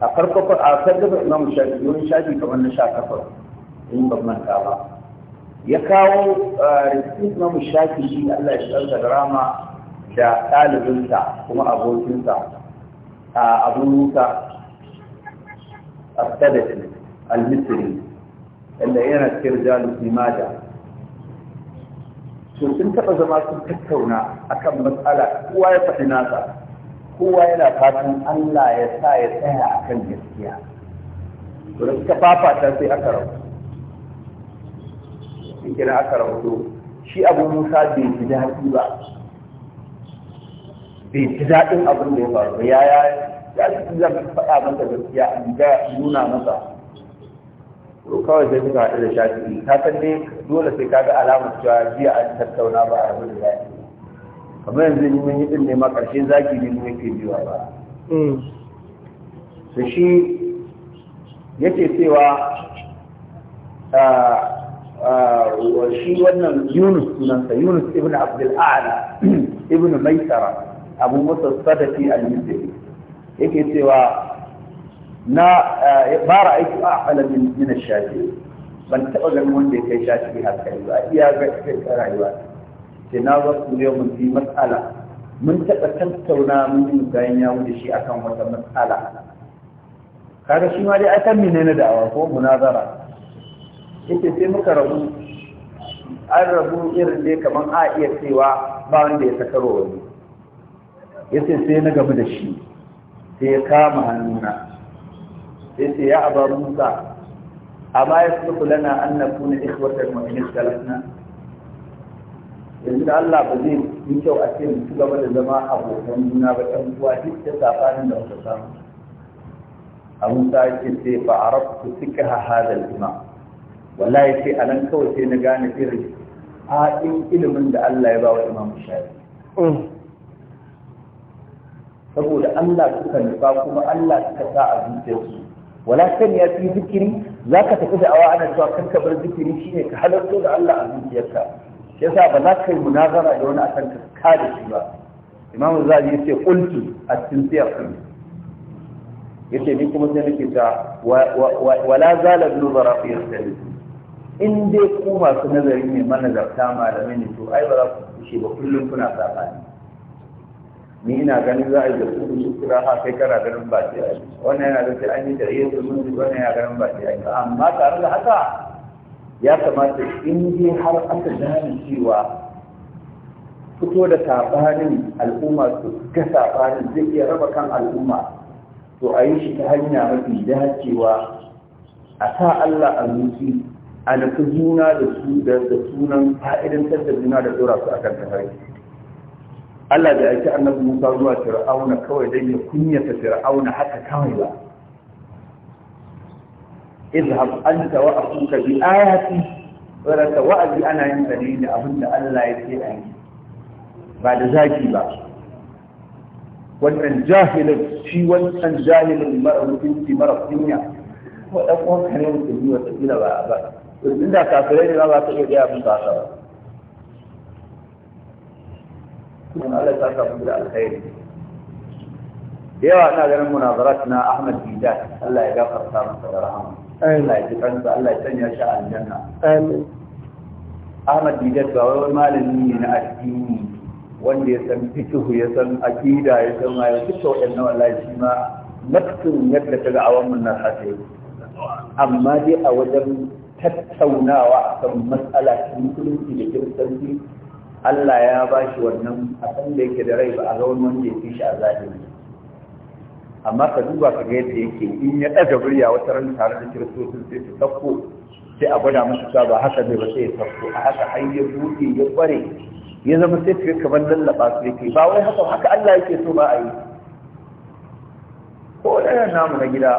a farko a sargabar imam shafi yawan shafi kamar na sha kafar. in ba manta ba ya kawo rikin imam shafi shi Allah ya tsarka da rama da ɗalibinsa kuma abokinsa abu musa السدسي المصري اللي yana cikin jalu limada to sun taɓa zama sun tattauna akan matsala kowa ya faɗi nasa kowa yana fatan Allah ya sa ya tsaya akan gaskiya to suka fafata sai aka rabu shi kira aka rabu shi abu musa bai ji daɗi ba bai ji daɗin abin da ya faru ba ya ya ya ji zan faɗa masa gaskiya an ga nuna masa to kawai sai suka haɗu da shafi'i ka san dai dole sai ka ga alamar cewa jiya an tattauna ba a rabu da zaki kamar yanzu ni mun yi din ne ma ƙarshe zaki ne mun yake biyuwa ba mm. to shi yake cewa shi wannan Yunus sunansa Yunus ibn Abdul A'la ibn Maisara abu musa sadafi al-misri yake cewa na eh, ba ra'aytu a'ala min min ash-shafi ban taba ganin wanda ya kai shafi hankali ba iya ga rayuwa sai na zo su ne mun fi mas'ala mun taba tattauna mun yi bayan ya wuce shi akan wata mas'ala kaga shi ma dai akan menene da'awa ko munazara yake sai muka rabu an rabu irin dai kamar a iya cewa ba wanda ya sakaro wani ya ce sai na gamu da shi sai ya kama hannuna sai ce ya abar musa a ma ya suku lana an na kuna ikhwatar ma'anin salafna yanzu da Allah ba zai yi kyau a ce mutu gaba da zama abokan juna ba ɗan kuwa duk da safanin da wata samu a musa ya ce sai fa arabtu suka hadal imam wallahi sai a nan kawai sai na gane irin a in ilimin da Allah ya ba wa imam shari'a mm. saboda Allah suka nufa kuma Allah suka sa a zuciyarsu wala kan ya fi zikiri za ka tafi da awa ana cewa kan bar zikiri shine ka halarto da Allah a zuciyarka shi yasa ba za ka yi munazara da wani akan ka kada shi ba imamu zabi ya ce qultu a cikin siyar yace ni kuma sai nake ta wala zala ibn zarafi yastali in dai ku masu nazari ne manazarta malamai ne to ai ba za ku kushe ba kullum kuna sabani ni ina ganin za a yi da su su kira ha kai kana ganin ba ce wannan yana ganin an yi da iya su mun wannan yana ganin ba ce amma tare da haka ya kamata in dai har aka gane cewa fito da sabanin al'umma su ga sabanin zai iya raba kan al'umma to a yi shi ta hanya mafi dacewa a sa Allah a zuci a nufi juna da su da sunan fa'idantar da juna da dora su kan tafarki Allah da aiki annabi Musa zuwa Fir'auna kawai dan ya kunyata Fir'auna haka kawai ba izhab anta wa akuka bi ayati wa la tawa'di ana yin da abin da Allah ya ce ai ba da zaki ba wannan jahilin shi wannan jahilin ma'rufin shi mara kunya wa dan uwan kare mutum ne wata kila ba ba inda kafirai ne ba ba ta iya abin ba ba kuma Allah ta kafa da alkhairi Da yawa ina ganin munazarat na Ahmad Bidat Allah ya gafarta masa da rahama Allah ya ji kansa Allah ya sanya shi aljanna amin Ahmad Bidat ba wai malami ne na addini wanda ya san fiqh ya san aqida ya san ma ya fiqh wannan wallahi shi ma nafsin yadda kaga awan mun nan hace amma dai a wajen tattaunawa akan matsala ta musulunci da kiristanci Allah ya ba shi wannan a da yake da rai ba a ga wani wanda ya fi shi a zahiri amma ka duba ka ga yadda yake in ya ɗaga murya wata ran tare da kiristocin sai su sauko sai a gwada masa cewa ba haka zai ba sai ya sauko a haka har ya buɗe ya ƙware ya zama sai ka kamar lallaɓa su yake ba wai haka haka Allah yake so ba a yi ko ɗaya namu na gida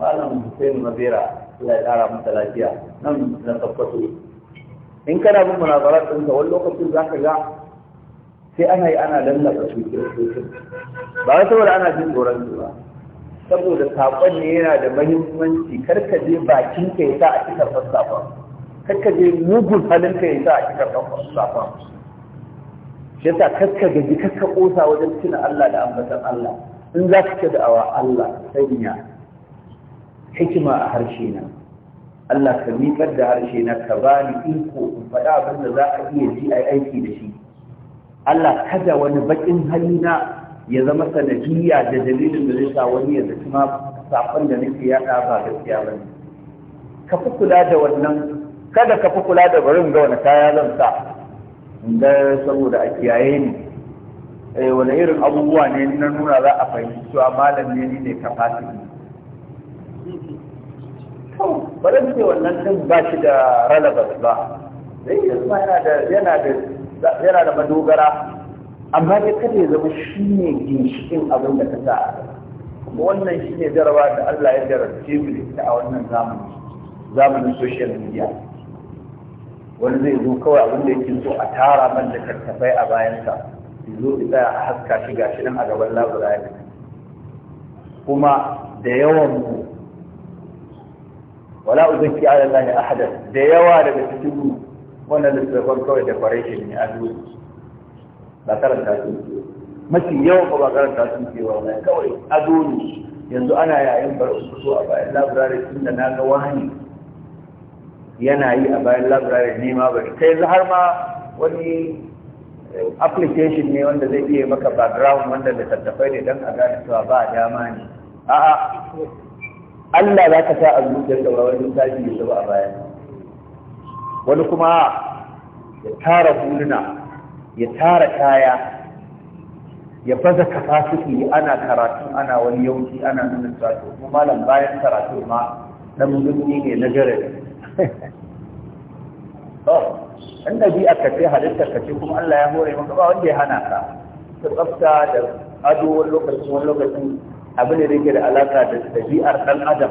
malam Hussein Mabera Allah ya ƙara masa lafiya nan na tabbato in kana bin munazarar ɗinka wani lokacin za ka ga sai ana yi ana lallaka su kiristocin ba wai wani ana jin tsoron su ba saboda saƙon ne yana da mahimmanci karka je bakin ka ya sa a cikin safon karka je mugun halin ka ya sa a cikin safon shi yasa karka gaji karka ƙosa wajen tuna Allah da ambatan Allah in za ka ce da'awa Allah sanya hikima a harshe na Allah ka miƙar da harshe na ka ba ni iko in faɗa abin da za a iya ji a aiki da shi Allah kada wani baƙin hali na ya zama sanadiyya da dalilin da zai sa wani ya zaci ma safon da nake yaɗa ba gaskiya ba ne ka fi kula da wannan kada ka fi kula da barin ga wani kaya zan sa in ga saboda a kiyaye ni eh, wani irin abubuwa ne na nuna za a fahimci cewa malam ne ni ne kafasiti ba zan ce wannan din ba shi da relevance ba zai yana da yana da yana da madogara amma dai kada ya zama shi ne ginshikin abin da ka sa kuma wannan shi ne jaraba da Allah ya jarabce mu da a wannan zamani zamanin social media wani zai zo kawai abin da yake so a tara man da kartafai a bayansa zo ya a haska shi gashi nan a gaban labirari kuma da yawan mu wala uzaki ala Allah ahada da yawa daga cikin mu wannan littafin kawai da farishin ne a duniya ba karanta su mafi yawan ba karanta sun ce wa wannan kawai a duniya yanzu ana yayin bar fito a bayan laburare tun da na ga wani yana yi a bayan laburare ne ma bari kai yanzu har ma wani eh, application ne wanda zai iya maka background wanda da tattafai ne don a gane cewa ba dama ne a'a Allah za ka sa a zuciyar da wani tashi ya zama a baya wani kuma ya tara huluna ya tara kaya ya baza kafasiki ana karatu ana wani yauki ana nuna karatu kuma malam bayan karatu ma dan mutum ne na gare in ɗabi'a bi ce halittar halitta kace kuma Allah ya hore maka ba wanda ya hana ka ta tsafta da ado wani lokacin wani lokacin abin da yake da alaka da ɗabi'ar ɗan adam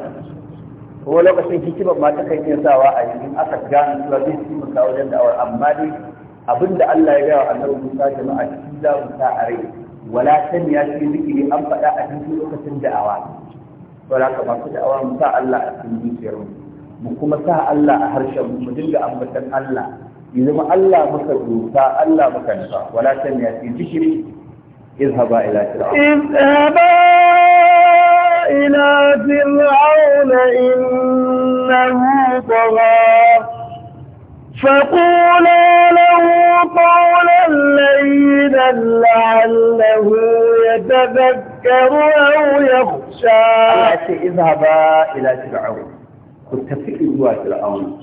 kuma lokacin hikimar ma ta kan iya sawa a yanzu aka gane cewa zai ci muka wajen da'awar amma dai abin da Allah ya gaya wa annabi Musa jama'a shi za mu sa a rai wala san ya ce zikiri an faɗa a cikin lokacin da'awa saboda haka masu da'awa mu sa Allah a cikin zuciyar mu mu kuma sa Allah a harshen mu dinga ambatan Allah ya zama Allah muka dusa Allah muka nufa wala san ya ce zikiri izhaba ila fir'aun izhaba إلى فرعون إنه طغى فقولا له قولا لينا لعله يتذكر أو يخشى اذهبا إلى فرعون كنت في فرعون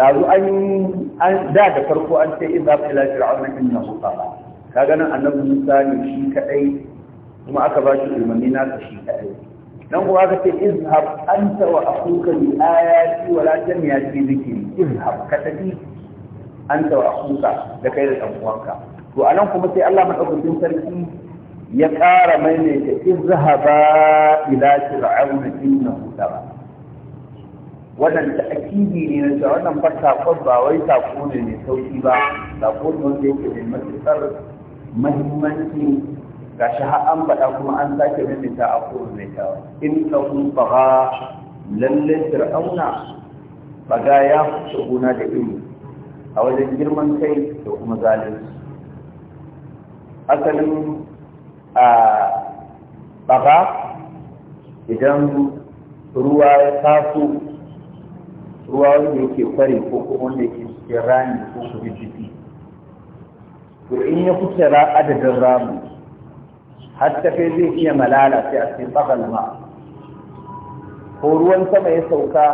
قالوا أن ذاك فرقوا أنت اذهب إلى فرعون إنه طغى كان أنه موسى يشيك أي kuma aka ba shi ilmanni nasa shi kaɗai dan uwa ka ce izhab anta wa akuka bi ayati wa la jami'a fi dhikri izhab ka tafi anta wa akuka da kai da dan uwanka to anan kuma sai Allah madaukakin sarki ya ƙara mai ne ta izhaba ila fir'auna innahu tara wannan ta'kidi ne na cewa wannan ba sakon ba wai sako ne mai sauki ba sako ne wanda yake da matuƙar muhimmanci gashi har an faɗa kuma an sake maimaita a kowane mai in ɗauku baga lallai fir'auna baga ya fi gona da iri, a wajen girman kai da kuma zalunci asalin a idan ruwa ya taso ruwa wanda yake fari ko kuma wanda yake cikin rami ko kuma jiki to in ya kuce adadin ramu har tafe zai iya malala sai a cikin bakal ma ko ruwan sama ya sauka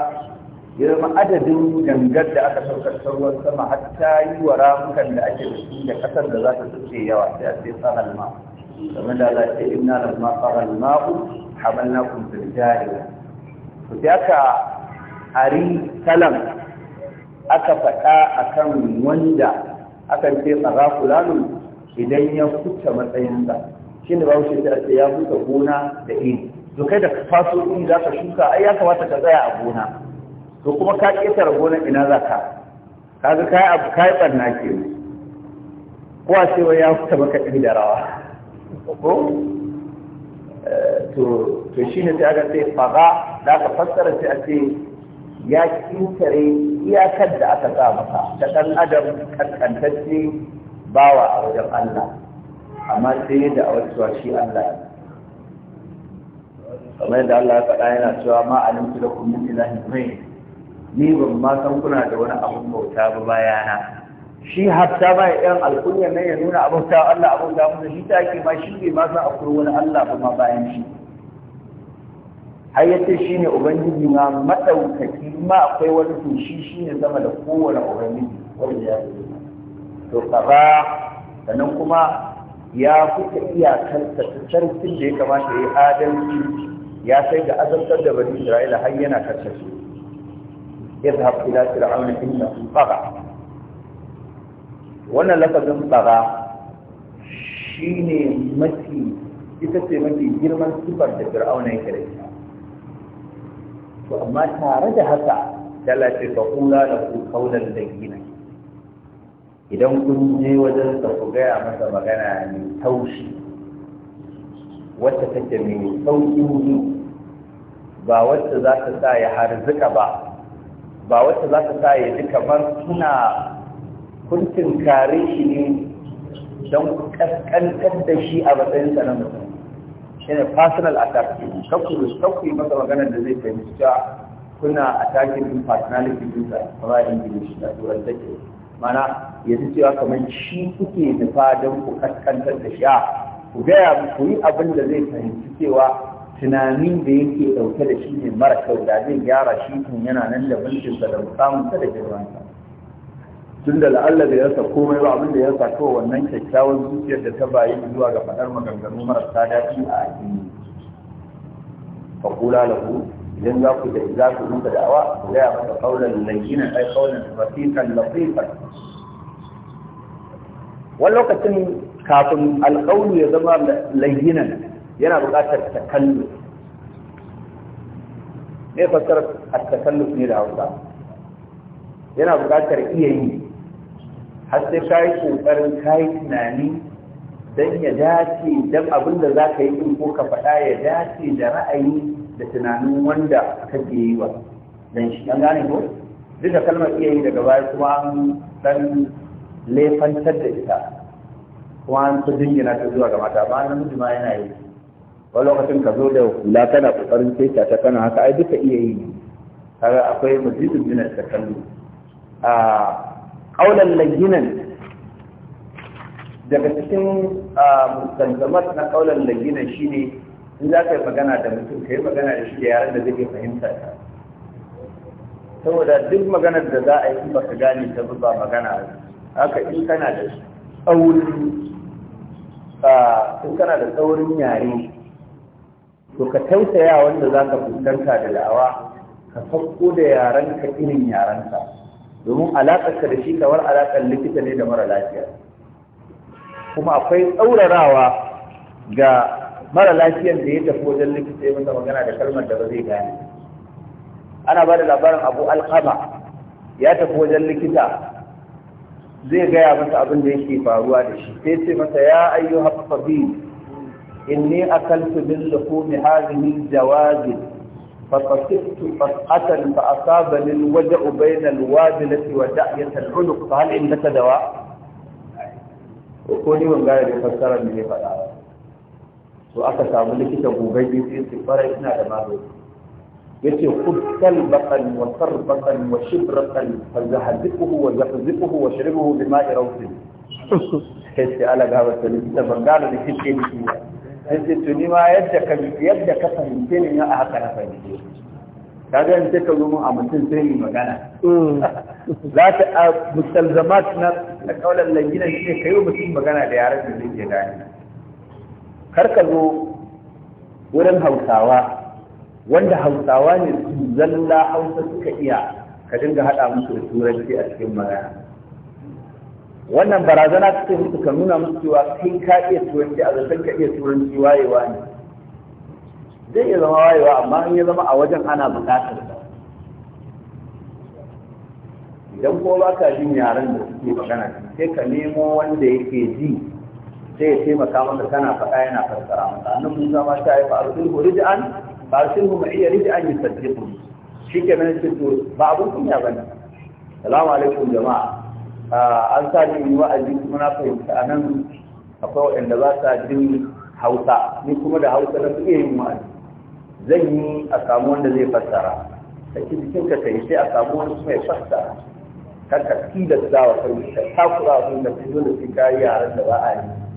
ya zama adadin gangar da aka saukar ta ruwan sama har ta yi wa ramukan da ake da su da kasar da za ta tsaye yawa sai a cikin bakal ma kamar da za ta ina da ma bakal ma'u na fil jahiliya to sai aka ari kalam aka faɗa akan wanda akan ce tsara kulanin idan ya kuce matsayinsa shi ne bawo shi da ya buɗe gona da in to kai da ka faso in za ka shuka ai ya kamata ka tsaya a gona to kuma ka ƙetare gona ina za ka kaga kai abu kai barna ke ko a wai ya fita maka ɗin da rawa ko eh, to to shine sai aka ce faga da ka fassara sai a ce ya kintare iyakar da aka sa maka. da ɗan adam kankantacce bawa a wajen Allah amma sai yadda a wasu shi Allah ne kamar da Allah ya faɗa yana cewa ma alim su da kullum ilahi mai ni ban ma san kuna da wani abun bauta ba bayana shi hatta ba ya ɗan alkunya ne ya nuna abauta Allah abauta musu shi ta ake ma shi ne ma san akwai wani Allah ba ma bayan shi har yace shi ne ubangiji ma maɗaukaki ma akwai wani to shi shi ne sama da kowane ubangiji wanda ya yi to kaza sannan kuma ya kuka iyakansa ta sarkin da ya kamata ya yi adalci ya sai ga azabtar da bari isra'ila har yana karkashe izhab ila fir'auna innahu tagha wannan lafazin shi shine mafi ita ce mafi girman sifar da fir'auna yake to amma tare da haka dala ce fa qula lahu qawlan layyina idan kun je wajen ku gaya masa magana mai taushi wacce take mai sauƙi yi ba wacce za ta sa ya har harzuka ba ba wacce za ta sa ya ji kamar suna kuntin kare shi ne don kaskantar da shi a matsayinsa na mutum shi ne personal attack kakku kakku masa magana da zai fahimci cewa kuna attacking din personality din sa kuma English da ke mana ya cewa kamar shi kuke nufa don ku kaskantar da shi ku gaya ku yi abin da zai fahimci cewa tunanin da yake ɗauke da shi ne mara kyau da zai gyara shi tun yana nan da mulkinsa da samunsa da girmansa tun da la'alla da rasa komai ba abin da ya rasa kawai wannan kyakkyawan zuciyar da ta bayi zuwa ga faɗar maganganu marasa daɗi a addini faƙula lahu idan za ku da za ku duka da'awa ku gaya masa kaulan layyina ai kaulan rafiqan latifan wani lokacin kafin alƙawlu ya zama layyinan yana buƙatar takallu me fasar a takallu ne da Hausa yana buƙatar iya yi har sai ka yi ƙoƙarin ka yi tunani don ya dace don abin da za ka yi in ko ka faɗa ya dace da ra'ayi da tunanin wanda kake yi wa don shi ɗan gane ko duka kalmar iya yi daga baya kuma an ɗan laifantar da ita kuma an fi dingina ta zuwa ga mata ba namiji ma yana yi wani lokacin ka zo da hula kana kokarin fesa ta kana haka ai duka iya yi kaga akwai mazidin minar ta kallo a kaulan laginan daga cikin zanzamar na kaulan laginan shine in za ka yi magana da mutum ka yi magana da shi da yaran da zai fahimta ta saboda duk maganar da za a yi ba ka gane ta ba magana haka in kana da tsaurin in kana da tsaurin yare to ka tausaya wanda za ka fuskanta da da'awa ka sauko da yarenka irin yarenka domin alaƙarka da shi kamar alaƙar likita ne da mara lafiya kuma akwai tsaurarawa ga mara lafiyan da ya tafi wajen likita ya masa magana da kalmar da ba zai gane ana ba da labarin abu alƙama ya tafi wajen likita zai gaya masa abin da yake faruwa da shi sai ce masa ya ayyuha fasabi inni akaltu min luhumi hadhihi jawazin فقصدت قطعة فأصابني الوجع بين الوابلة ودعية العنق فهل عندك دواء؟ وكوني من غير فسر من فلا وأكثر من لك تقوبي في سفر إثناء المعروف yace kuddal baqan wa sarbatan wa shibratan fazahdiquhu wa yahziquhu wa shribuhu bima'i rawsin sai ala gaba sai da bangala da kike ni sai to ni ma yadda ka yadda ka fahimce ni a haka na fahimce kaga ga sai ka zo mun a mutum sai mu magana za ta mustalzamat na na kaulan ka yi wa mutum magana da yaran da zai gani kar ka zo wurin Hausawa wanda hausawa ne su zalla hausa suka iya ka dinga haɗa musu da turanci a cikin magana wannan barazana ta ce musu ka nuna musu cewa kai ka iya turanci a zartar ka iya turanci wayewa ne zai iya zama wayewa amma in ya zama a wajen ana buƙatar sa idan ko ba ka jin yaren da suke magana sai ka nemo wanda yake ji sai ya taimaka masa kana faɗa yana fassara masa annabi Musa ma ta yi fa arzul hurjan ba su mu iya rida an yi tasdiqu shi ke nan shi to ba abun kunya bane salamu alaikum jama'a an sa ni wa'azi kuma na fahimta anan akwai waɗanda ba sa jin hausa ni kuma da hausa na su iya yin wa'azi zan yi a samu wanda zai fassara kake jikin ka kai sai a samu wani mai fassara kan ka tilasta wa kai ka takura wa kai da fito da su kayi yaran da ba a yi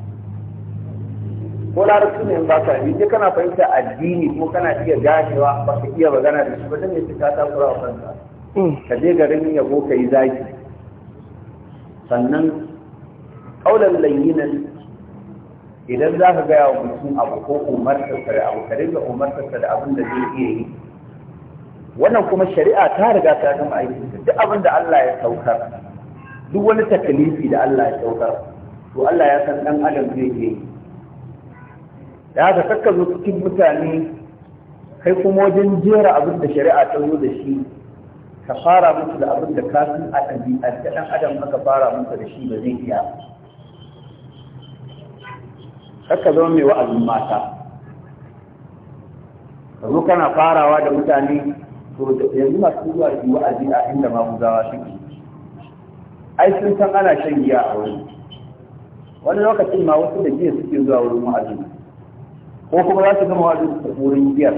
ko larabci ne in ba ka yi kana fahimta addini ko kana iya ganewa ba ka iya magana da shi ba Zan yace ka ta wa kanka hmm. ka je garin yabo ka yi zaki sannan kaulan layyinan idan za ka gaya wa mutum abu ko umartarsa da abu ka dinga umartarsa da abin da zai iya yi wannan kuma shari'a ta riga ta gama aiki. duk abin da Allah ya saukar duk wani takalifi da Allah ya saukar to Allah ya san dan adam zai iya yi da haka kakka zo cikin mutane kai kuma wajen jera abin da shari'a ta zo da shi ka fara musu da abin da ka san a ɗabi'ar da ɗan adam aka fara musu da shi ba zai iya kakka zama mai wa'azin mata ka zo kana farawa da mutane yanzu masu zuwa su wa'azi a inda maguzawa suke ai sun san ana shan giya a wani wani lokacin ma wasu da jiya suke zuwa wurin wa'azi ko kuma za su gama wajen wurin biyar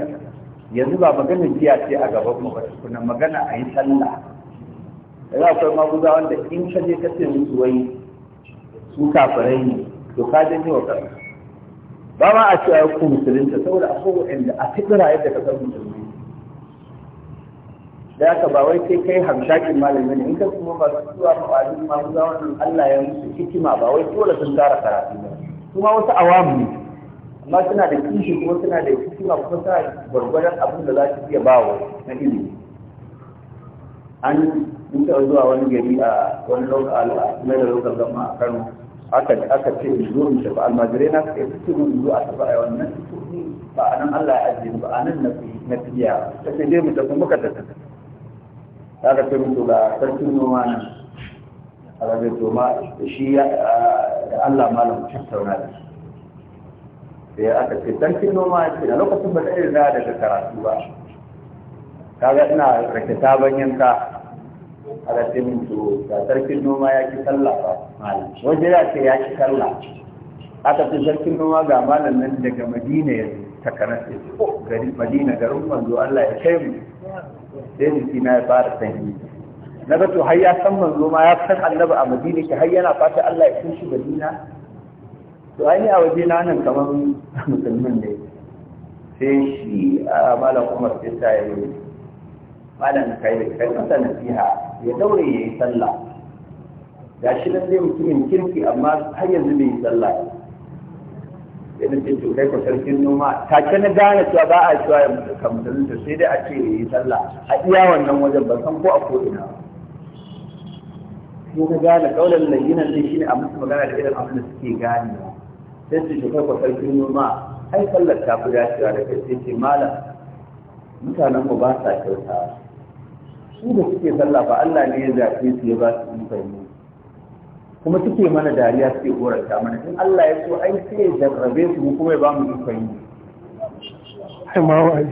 yanzu ba maganin biya ce a gaban mu ba kuna magana a yi sallah da za akwai maguza wanda in ka je ka ce musu wai su kafirai ne to ka je ne wa kanka ba ma a cewa ku musulunta saboda a kowa inda a fitira yadda ka san musulmi da aka ba wai sai kai hamshakin malami ne in ka kuma ba su zuwa wajen maguza wannan Allah ya musu hikima ba wai dole sun tara karatu ba kuma wasu awamu ne amma suna da kishi kuma suna da ma kuma suna da gwargwadon abin da za su iya wa na ilimi an yi taɓa zuwa wani gari a wani lokal a mai da lokal zama a kano aka aka ce in zo in tafi almajirai na suka yi fito in zo a tafi a nan ba a nan Allah ya ajiye ba a nan na fiya ta ce dai mu tafi muka tafi ta ka ce mutu ga sarkin noma nan a rabin to ma shi da Allah malam sauna da shi ya aka ce sarkin noma ya ce a lokacin ba ta da daga karatu ba ga ina rake sabon yanka ala ce min to ga sarkin noma ya ki sallah ba malam wajen ya ce ya ki sallah aka ce sarkin noma ga malam nan daga madina ya ta ce gari madina garin manzo Allah ya kai mu sai jiki na ya fara sanyi na ga to har ya san manzo ma ya san annabi a madina ki har yana fata Allah ya kunshi madina to a waje na nan kamar musulmin ne sai shi a malam umar sai ta yi malam kai da kai masa nasiha ya daure ya yi sallah ga shi nan zai mutumin kirki amma har yanzu bai yi sallah sai da to kai ko sarkin noma ta ce na gane cewa ba a cewa ya musulmin to sai dai a ce ya yi sallah a iya wannan wajen ban san ko a ko'ina ina ko ka gane kaulan layyinan din shine a musu magana da irin abin da suke ganewa sai su shi kwakwa karfin noma ai sallar ta fi dacewa da kai sai ce malam mutanen mu ba sa kyauta su da suke sallah ba Allah ne ya zaɓe su ya ba su mutane kuma suke mana dariya suke horarta mana in Allah ya so ai sai ya jarrabe su mu kuma ya ba mu mutane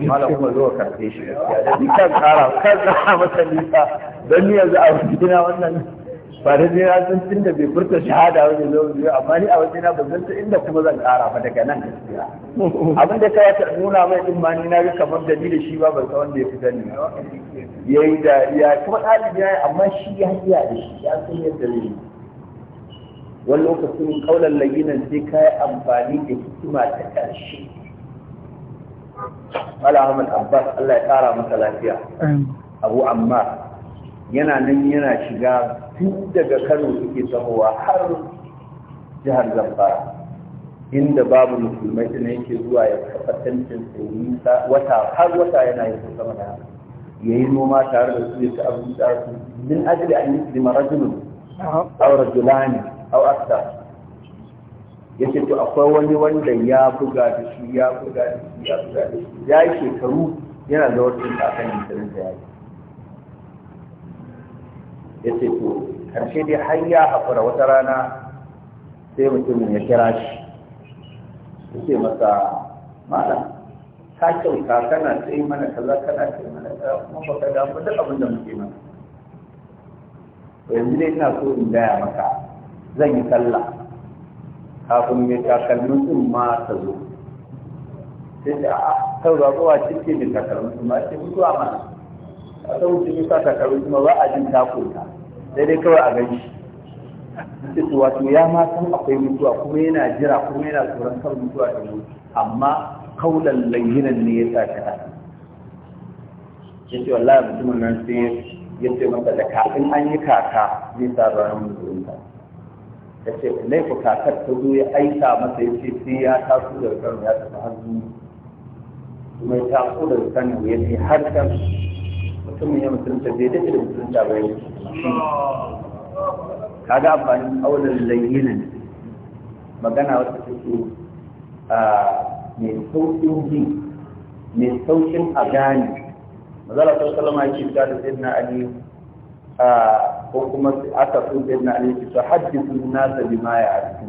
malam kuma zuwa karfe shi gaskiya da dukkan kara kan na masa nisa don ni yanzu a gina wannan ba da zai ya san tun da bai furta shahada wani zai biyu amma ni a waje na ban zanta inda kuma zan kara ba daga nan gaskiya abin da kai ta nuna mai din ma ni na ga kamar da ni da shi ba ban san wanda ya fi sani yayi da ya kuma ɗalibi ya amma shi ya iya da shi ya san yadda zai yi wani lokacin kaular laginan sai ka yi amfani da hikima ta ƙarshe Mala Ahmad Abbas Allah ya ƙara masa lafiya. Abu Ammar yana nan yana shiga tun daga kano suke tahowa har jihar zamfara inda babu musulmai ɗin yake zuwa ya kafa tantin wata har wata yana yi sama da haka ya yi noma tare da su ya ci abinci su min ajiyar an yi lima rajulun au rajulani au aksa ya ce to akwai wani wanda ya buga da shi ya buga da shi ya buga da shi ya yi shekaru yana da wasu kakan da ya yi ya ce to karshe dai har ya haƙura wata rana sai mutumin ya kira shi ya ce masa malam ta kyauta kana tsaye mana kaza kana tsaye mana kaza kuma ba ka damu duk abin da muke mana yanzu dai ina so in gaya maka zan yi talla. kafin mai takalmin sun ma ta zo sai da a kan zuwa cikin da takalmin sun ma ce mutuwa mana a san mutum sa takarun kuma ba a jin takunta sai dai kawai a gani shi wato ya ma san akwai mutuwa kuma yana jira kuma yana tsoron kan mutuwa da mutu amma kaulan langinan ne ya sa ka ya ce wallahi mutumin nan sai ya ce masa da kafin an yi kaka zai sa ranar mutuwinka ya ce laifin kakar ta zo ya aika masa ya ce sai ya taso daga kano ya tafi hannu kuma taso daga kano ya ce har kan mutumin ya musulunta bai dace da musulunta ba yau kaga amfanin aunar layinan magana wata take a mai saukin ji mai saukin a gane mazala ta salama ya ce da na ali ko kuma aka so na ali ya ce na nasa ma ya arzu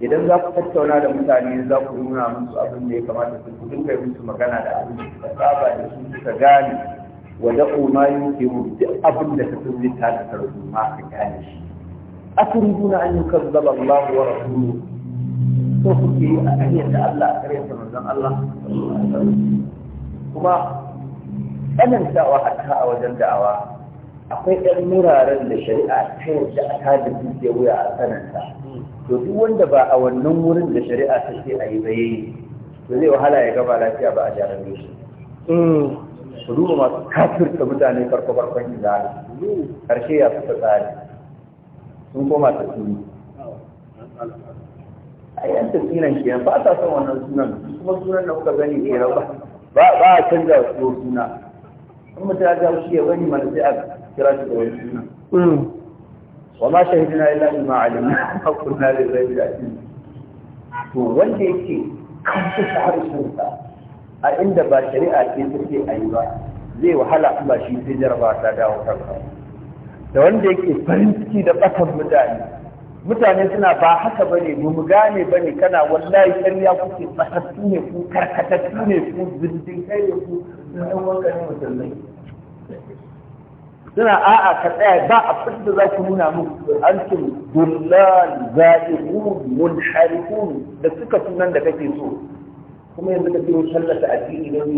idan za ku tattauna da mutane za ku nuna musu abin da ya kamata su kudin kai musu magana da abin da saba da su suka gane wa da'u ma yukiru duk abin da kafin zai tada karfi ma ka gane shi aturiduna an yukazzaba Allah wa rasuluhu so kuke yi a ƙaryar da Allah a ƙaryar da manzon Allah kuma tsanantawa hatta a wajen da'awa akwai ɗan muraren da shari'a ta yadda a tada dukiyar wuya a tsananta to duk wanda ba a wannan wurin da shari'a ta ce a yi ba yi, to zai wahala ya gaba lafiya ba a jarar shi hmm. ku duba masu kafirta mutane farko farkon izali karshe ya fi tsari sun koma ta suni a yanta sunan ke ba sa son wannan sunan kuma sunan da kuka gani ke ba ba a canza su suna in mutum ya ga shi ya bani mana sai a kira shi da wani suna hmm. wama shahidina illa bima alimna hakunna da shi ne. to wanda yake kan su shahararsu sunta a inda ba shari'a ce take a yi ba zai wahala kuma shi sai jarba ta dawo kanka da wanda yake farin ciki da bakan mutane mutane suna ba haka bane mu mu gane bane kana wallahi ƙarya kuke batattu ne ku karkatattu ne ku zindin kai ne ku sun wanka ne musulmai suna a'a ka tsaya ba a fita za ku nuna muku antum dullal za'iqun munharifun da suka sunan da kake so kuma yanzu ka fiyo tallata addini don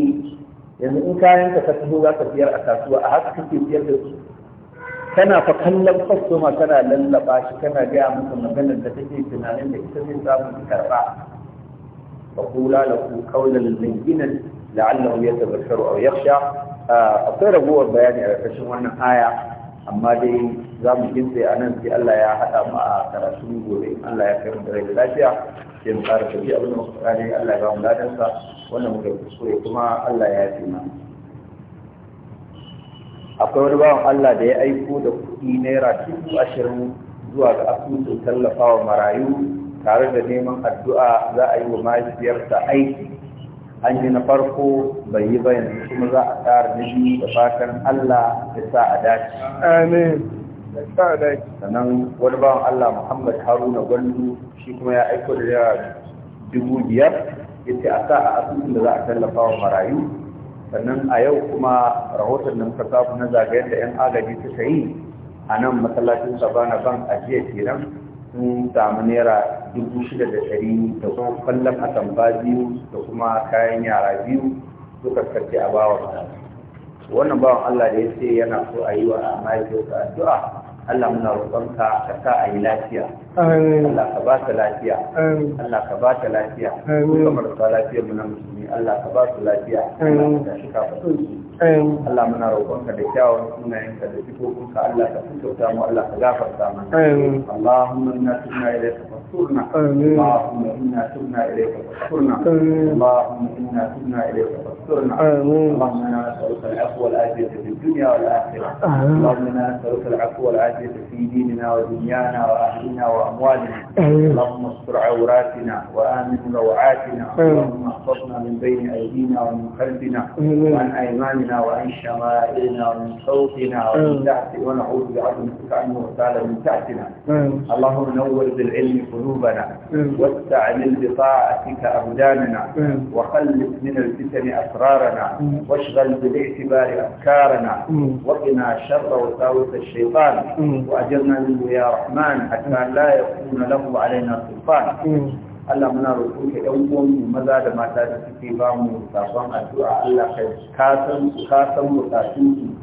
yanzu in kayan ka ka fito za ka siyar a kasuwa a haka kake biyar da su kana fa kallon kwastoma kana lallaba shi kana gaya masa maganar da take tunanin da ita zai samu ki karba fa kula lahu qawlan layyinan la'allahu yatadhakkaru aw yakhsha akwai ragowar bayani a ƙarƙashin wannan aya amma dai za mu kintse a nan sai Allah ya haɗa mu a karatun gobe Allah ya kai mu da lafiya sai mu ƙara tabi abin da muka faɗa dai Allah ya ba mu ladansa wannan muka kuskure kuma Allah ya fi mana akwai wani bawan Allah da ya aiko da kuɗi naira dubu ashirin zuwa ga asusun tallafawa marayu tare da neman addu'a za a yi wa mahaifiyarsa aiki an yi na farko bai yi ba yanzu kuma za a tsara na biyu da fatan Allah ya sa a dace. sannan wani bawan Allah Muhammad Haruna Gwandu shi kuma ya aiko da yara dubu biyar ya ce a sa a asusun da za a tallafa wa marayu sannan a yau kuma rahoton nan muka samu na zagayen da 'yan agaji suka yi a nan masallacin sabana ban a jiya kenan sun samu naira dubu shida da ɗari da kuma kwallon atamba biyu da kuma kayan yara biyu suka karce a bawa marayu wannan bawan Allah da ya ce yana so a yi wa mahaifiyarsa addu'a Allah muna roƙonka ka sa a yi lafiya Allah ka ba ta lafiya Allah ka ba ta lafiya kamar ta lafiya muna musulmi Allah ka ba su lafiya Allah ka ba su. Allah muna roƙonka da kyawun sunayenka da sifofinka Allah ka fito mu Allah ka gafarta mana Allahumma inna tunna ilayka واسترنا اللهم إنا تبنا إليك واسترنا اللهم إنا تبنا إليك واسترنا اللهم إنا نسألك العفو والعافية في الدنيا والآخرة اللهم إنا نسألك العفو والعافية في ديننا ودنيانا وأهلنا وأموالنا اللهم استر عوراتنا وآمن روعاتنا اللهم احفظنا من بين أيدينا ومن خلفنا وعن أيماننا وعن شمائلنا ومن فوقنا ومن تحت ونعوذ بعظمتك أن نغتال من تحتنا اللهم نور بالعلم قلوبنا واستعلل بطاعتك أبداننا وخلص من الفتن أسرارنا واشغل بالاعتبار أفكارنا وقنا شر وساوس الشيطان وأجرنا منه يا رحمن حتى لا يكون له علينا سلطان Allah muna roƙo 'yan uwanmu maza da mata da suke ba mu sakon addu'a Allah ka san ka san bukatun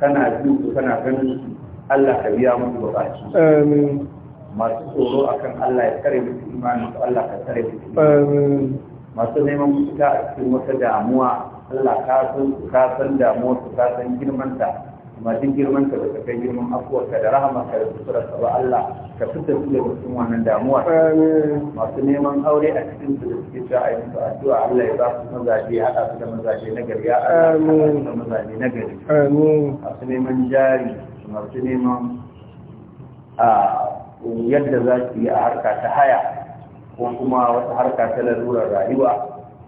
kana jin kana ganin Allah ka biya mu bukatu amin masu tsoro akan Allah ya tsare musu imanin su Allah ka tsare musu masu neman fita a cikin wata damuwa Allah ka san ka san damuwa su ka san girman ta masu girman ka da ka kai girman ka da ka da sutura ka ba Allah ka fitar su da cikin wannan damuwa masu neman aure a cikin su da suke ta a yi musu addu'a Allah ya ba su mazaje ya haɗa su da mazaje na gari ya haɗa su da mazaje na gari masu neman jari masu neman ah, yadda za su yi a harka ta haya ko kuma wata harka ta larurar rayuwa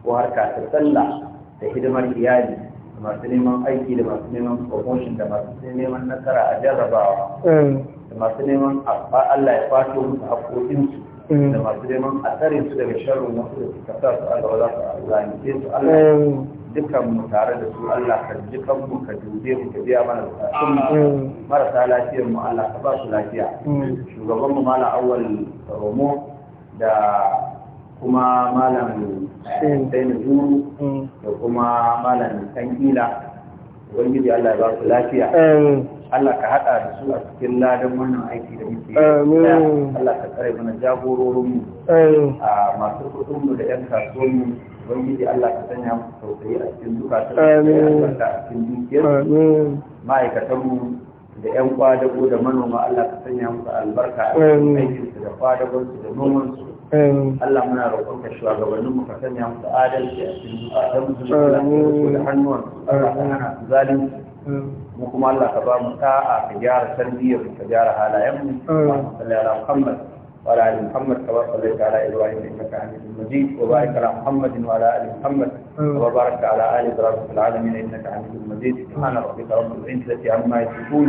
ko harka ta sallah da hidimar iyali da masu neman aiki da masu neman promotion da masu neman nasara a jarrabawa da masu neman Allah ya fato musu haƙoƙinsu mm. da masu neman a tsarin su daga sharrin wasu da suka sa su a gaba za su a su Allah mm. dukan mu tare da su Allah ka ji kanmu ka dube mu ka biya mana bukatun marasa lafiyar mu Allah ka ba su lafiya shugaban mu malam awwal romo da kuma malam eh, Zainu Zuru mm. da kuma malam Tankila Ubangiji Allah ya ba su lafiya Allah ka haɗa da su a cikin ladan wannan aiki da muke Allah ka tsare mana jagororinmu a masu kuɗinmu da 'yan kasuwanmu ubangiji Allah ka sanya mu tausayi a cikin zukatan da a cikin dukiyar ma'aikatan mu da yan kwadago da manoma Allah ka sanya musu albarka a aikin su da kwadagon su da noman su Allah muna roƙon ka shugabannin mu ka sanya musu adalci a cikin zukatan su da hannuwan su Allah mu kuma Allah ka ba mu ta'a ka gyara tarbiyyar ka gyara halayen mu sallallahu alaihi wa sallam وعلى ال محمد كما صليت على ابراهيم انك حميد مجيد وبارك على محمد وعلى ال محمد وبارك على ال ابراهيم في العالمين انك حميد مجيد سبحان ربك رب العزه عما يصفون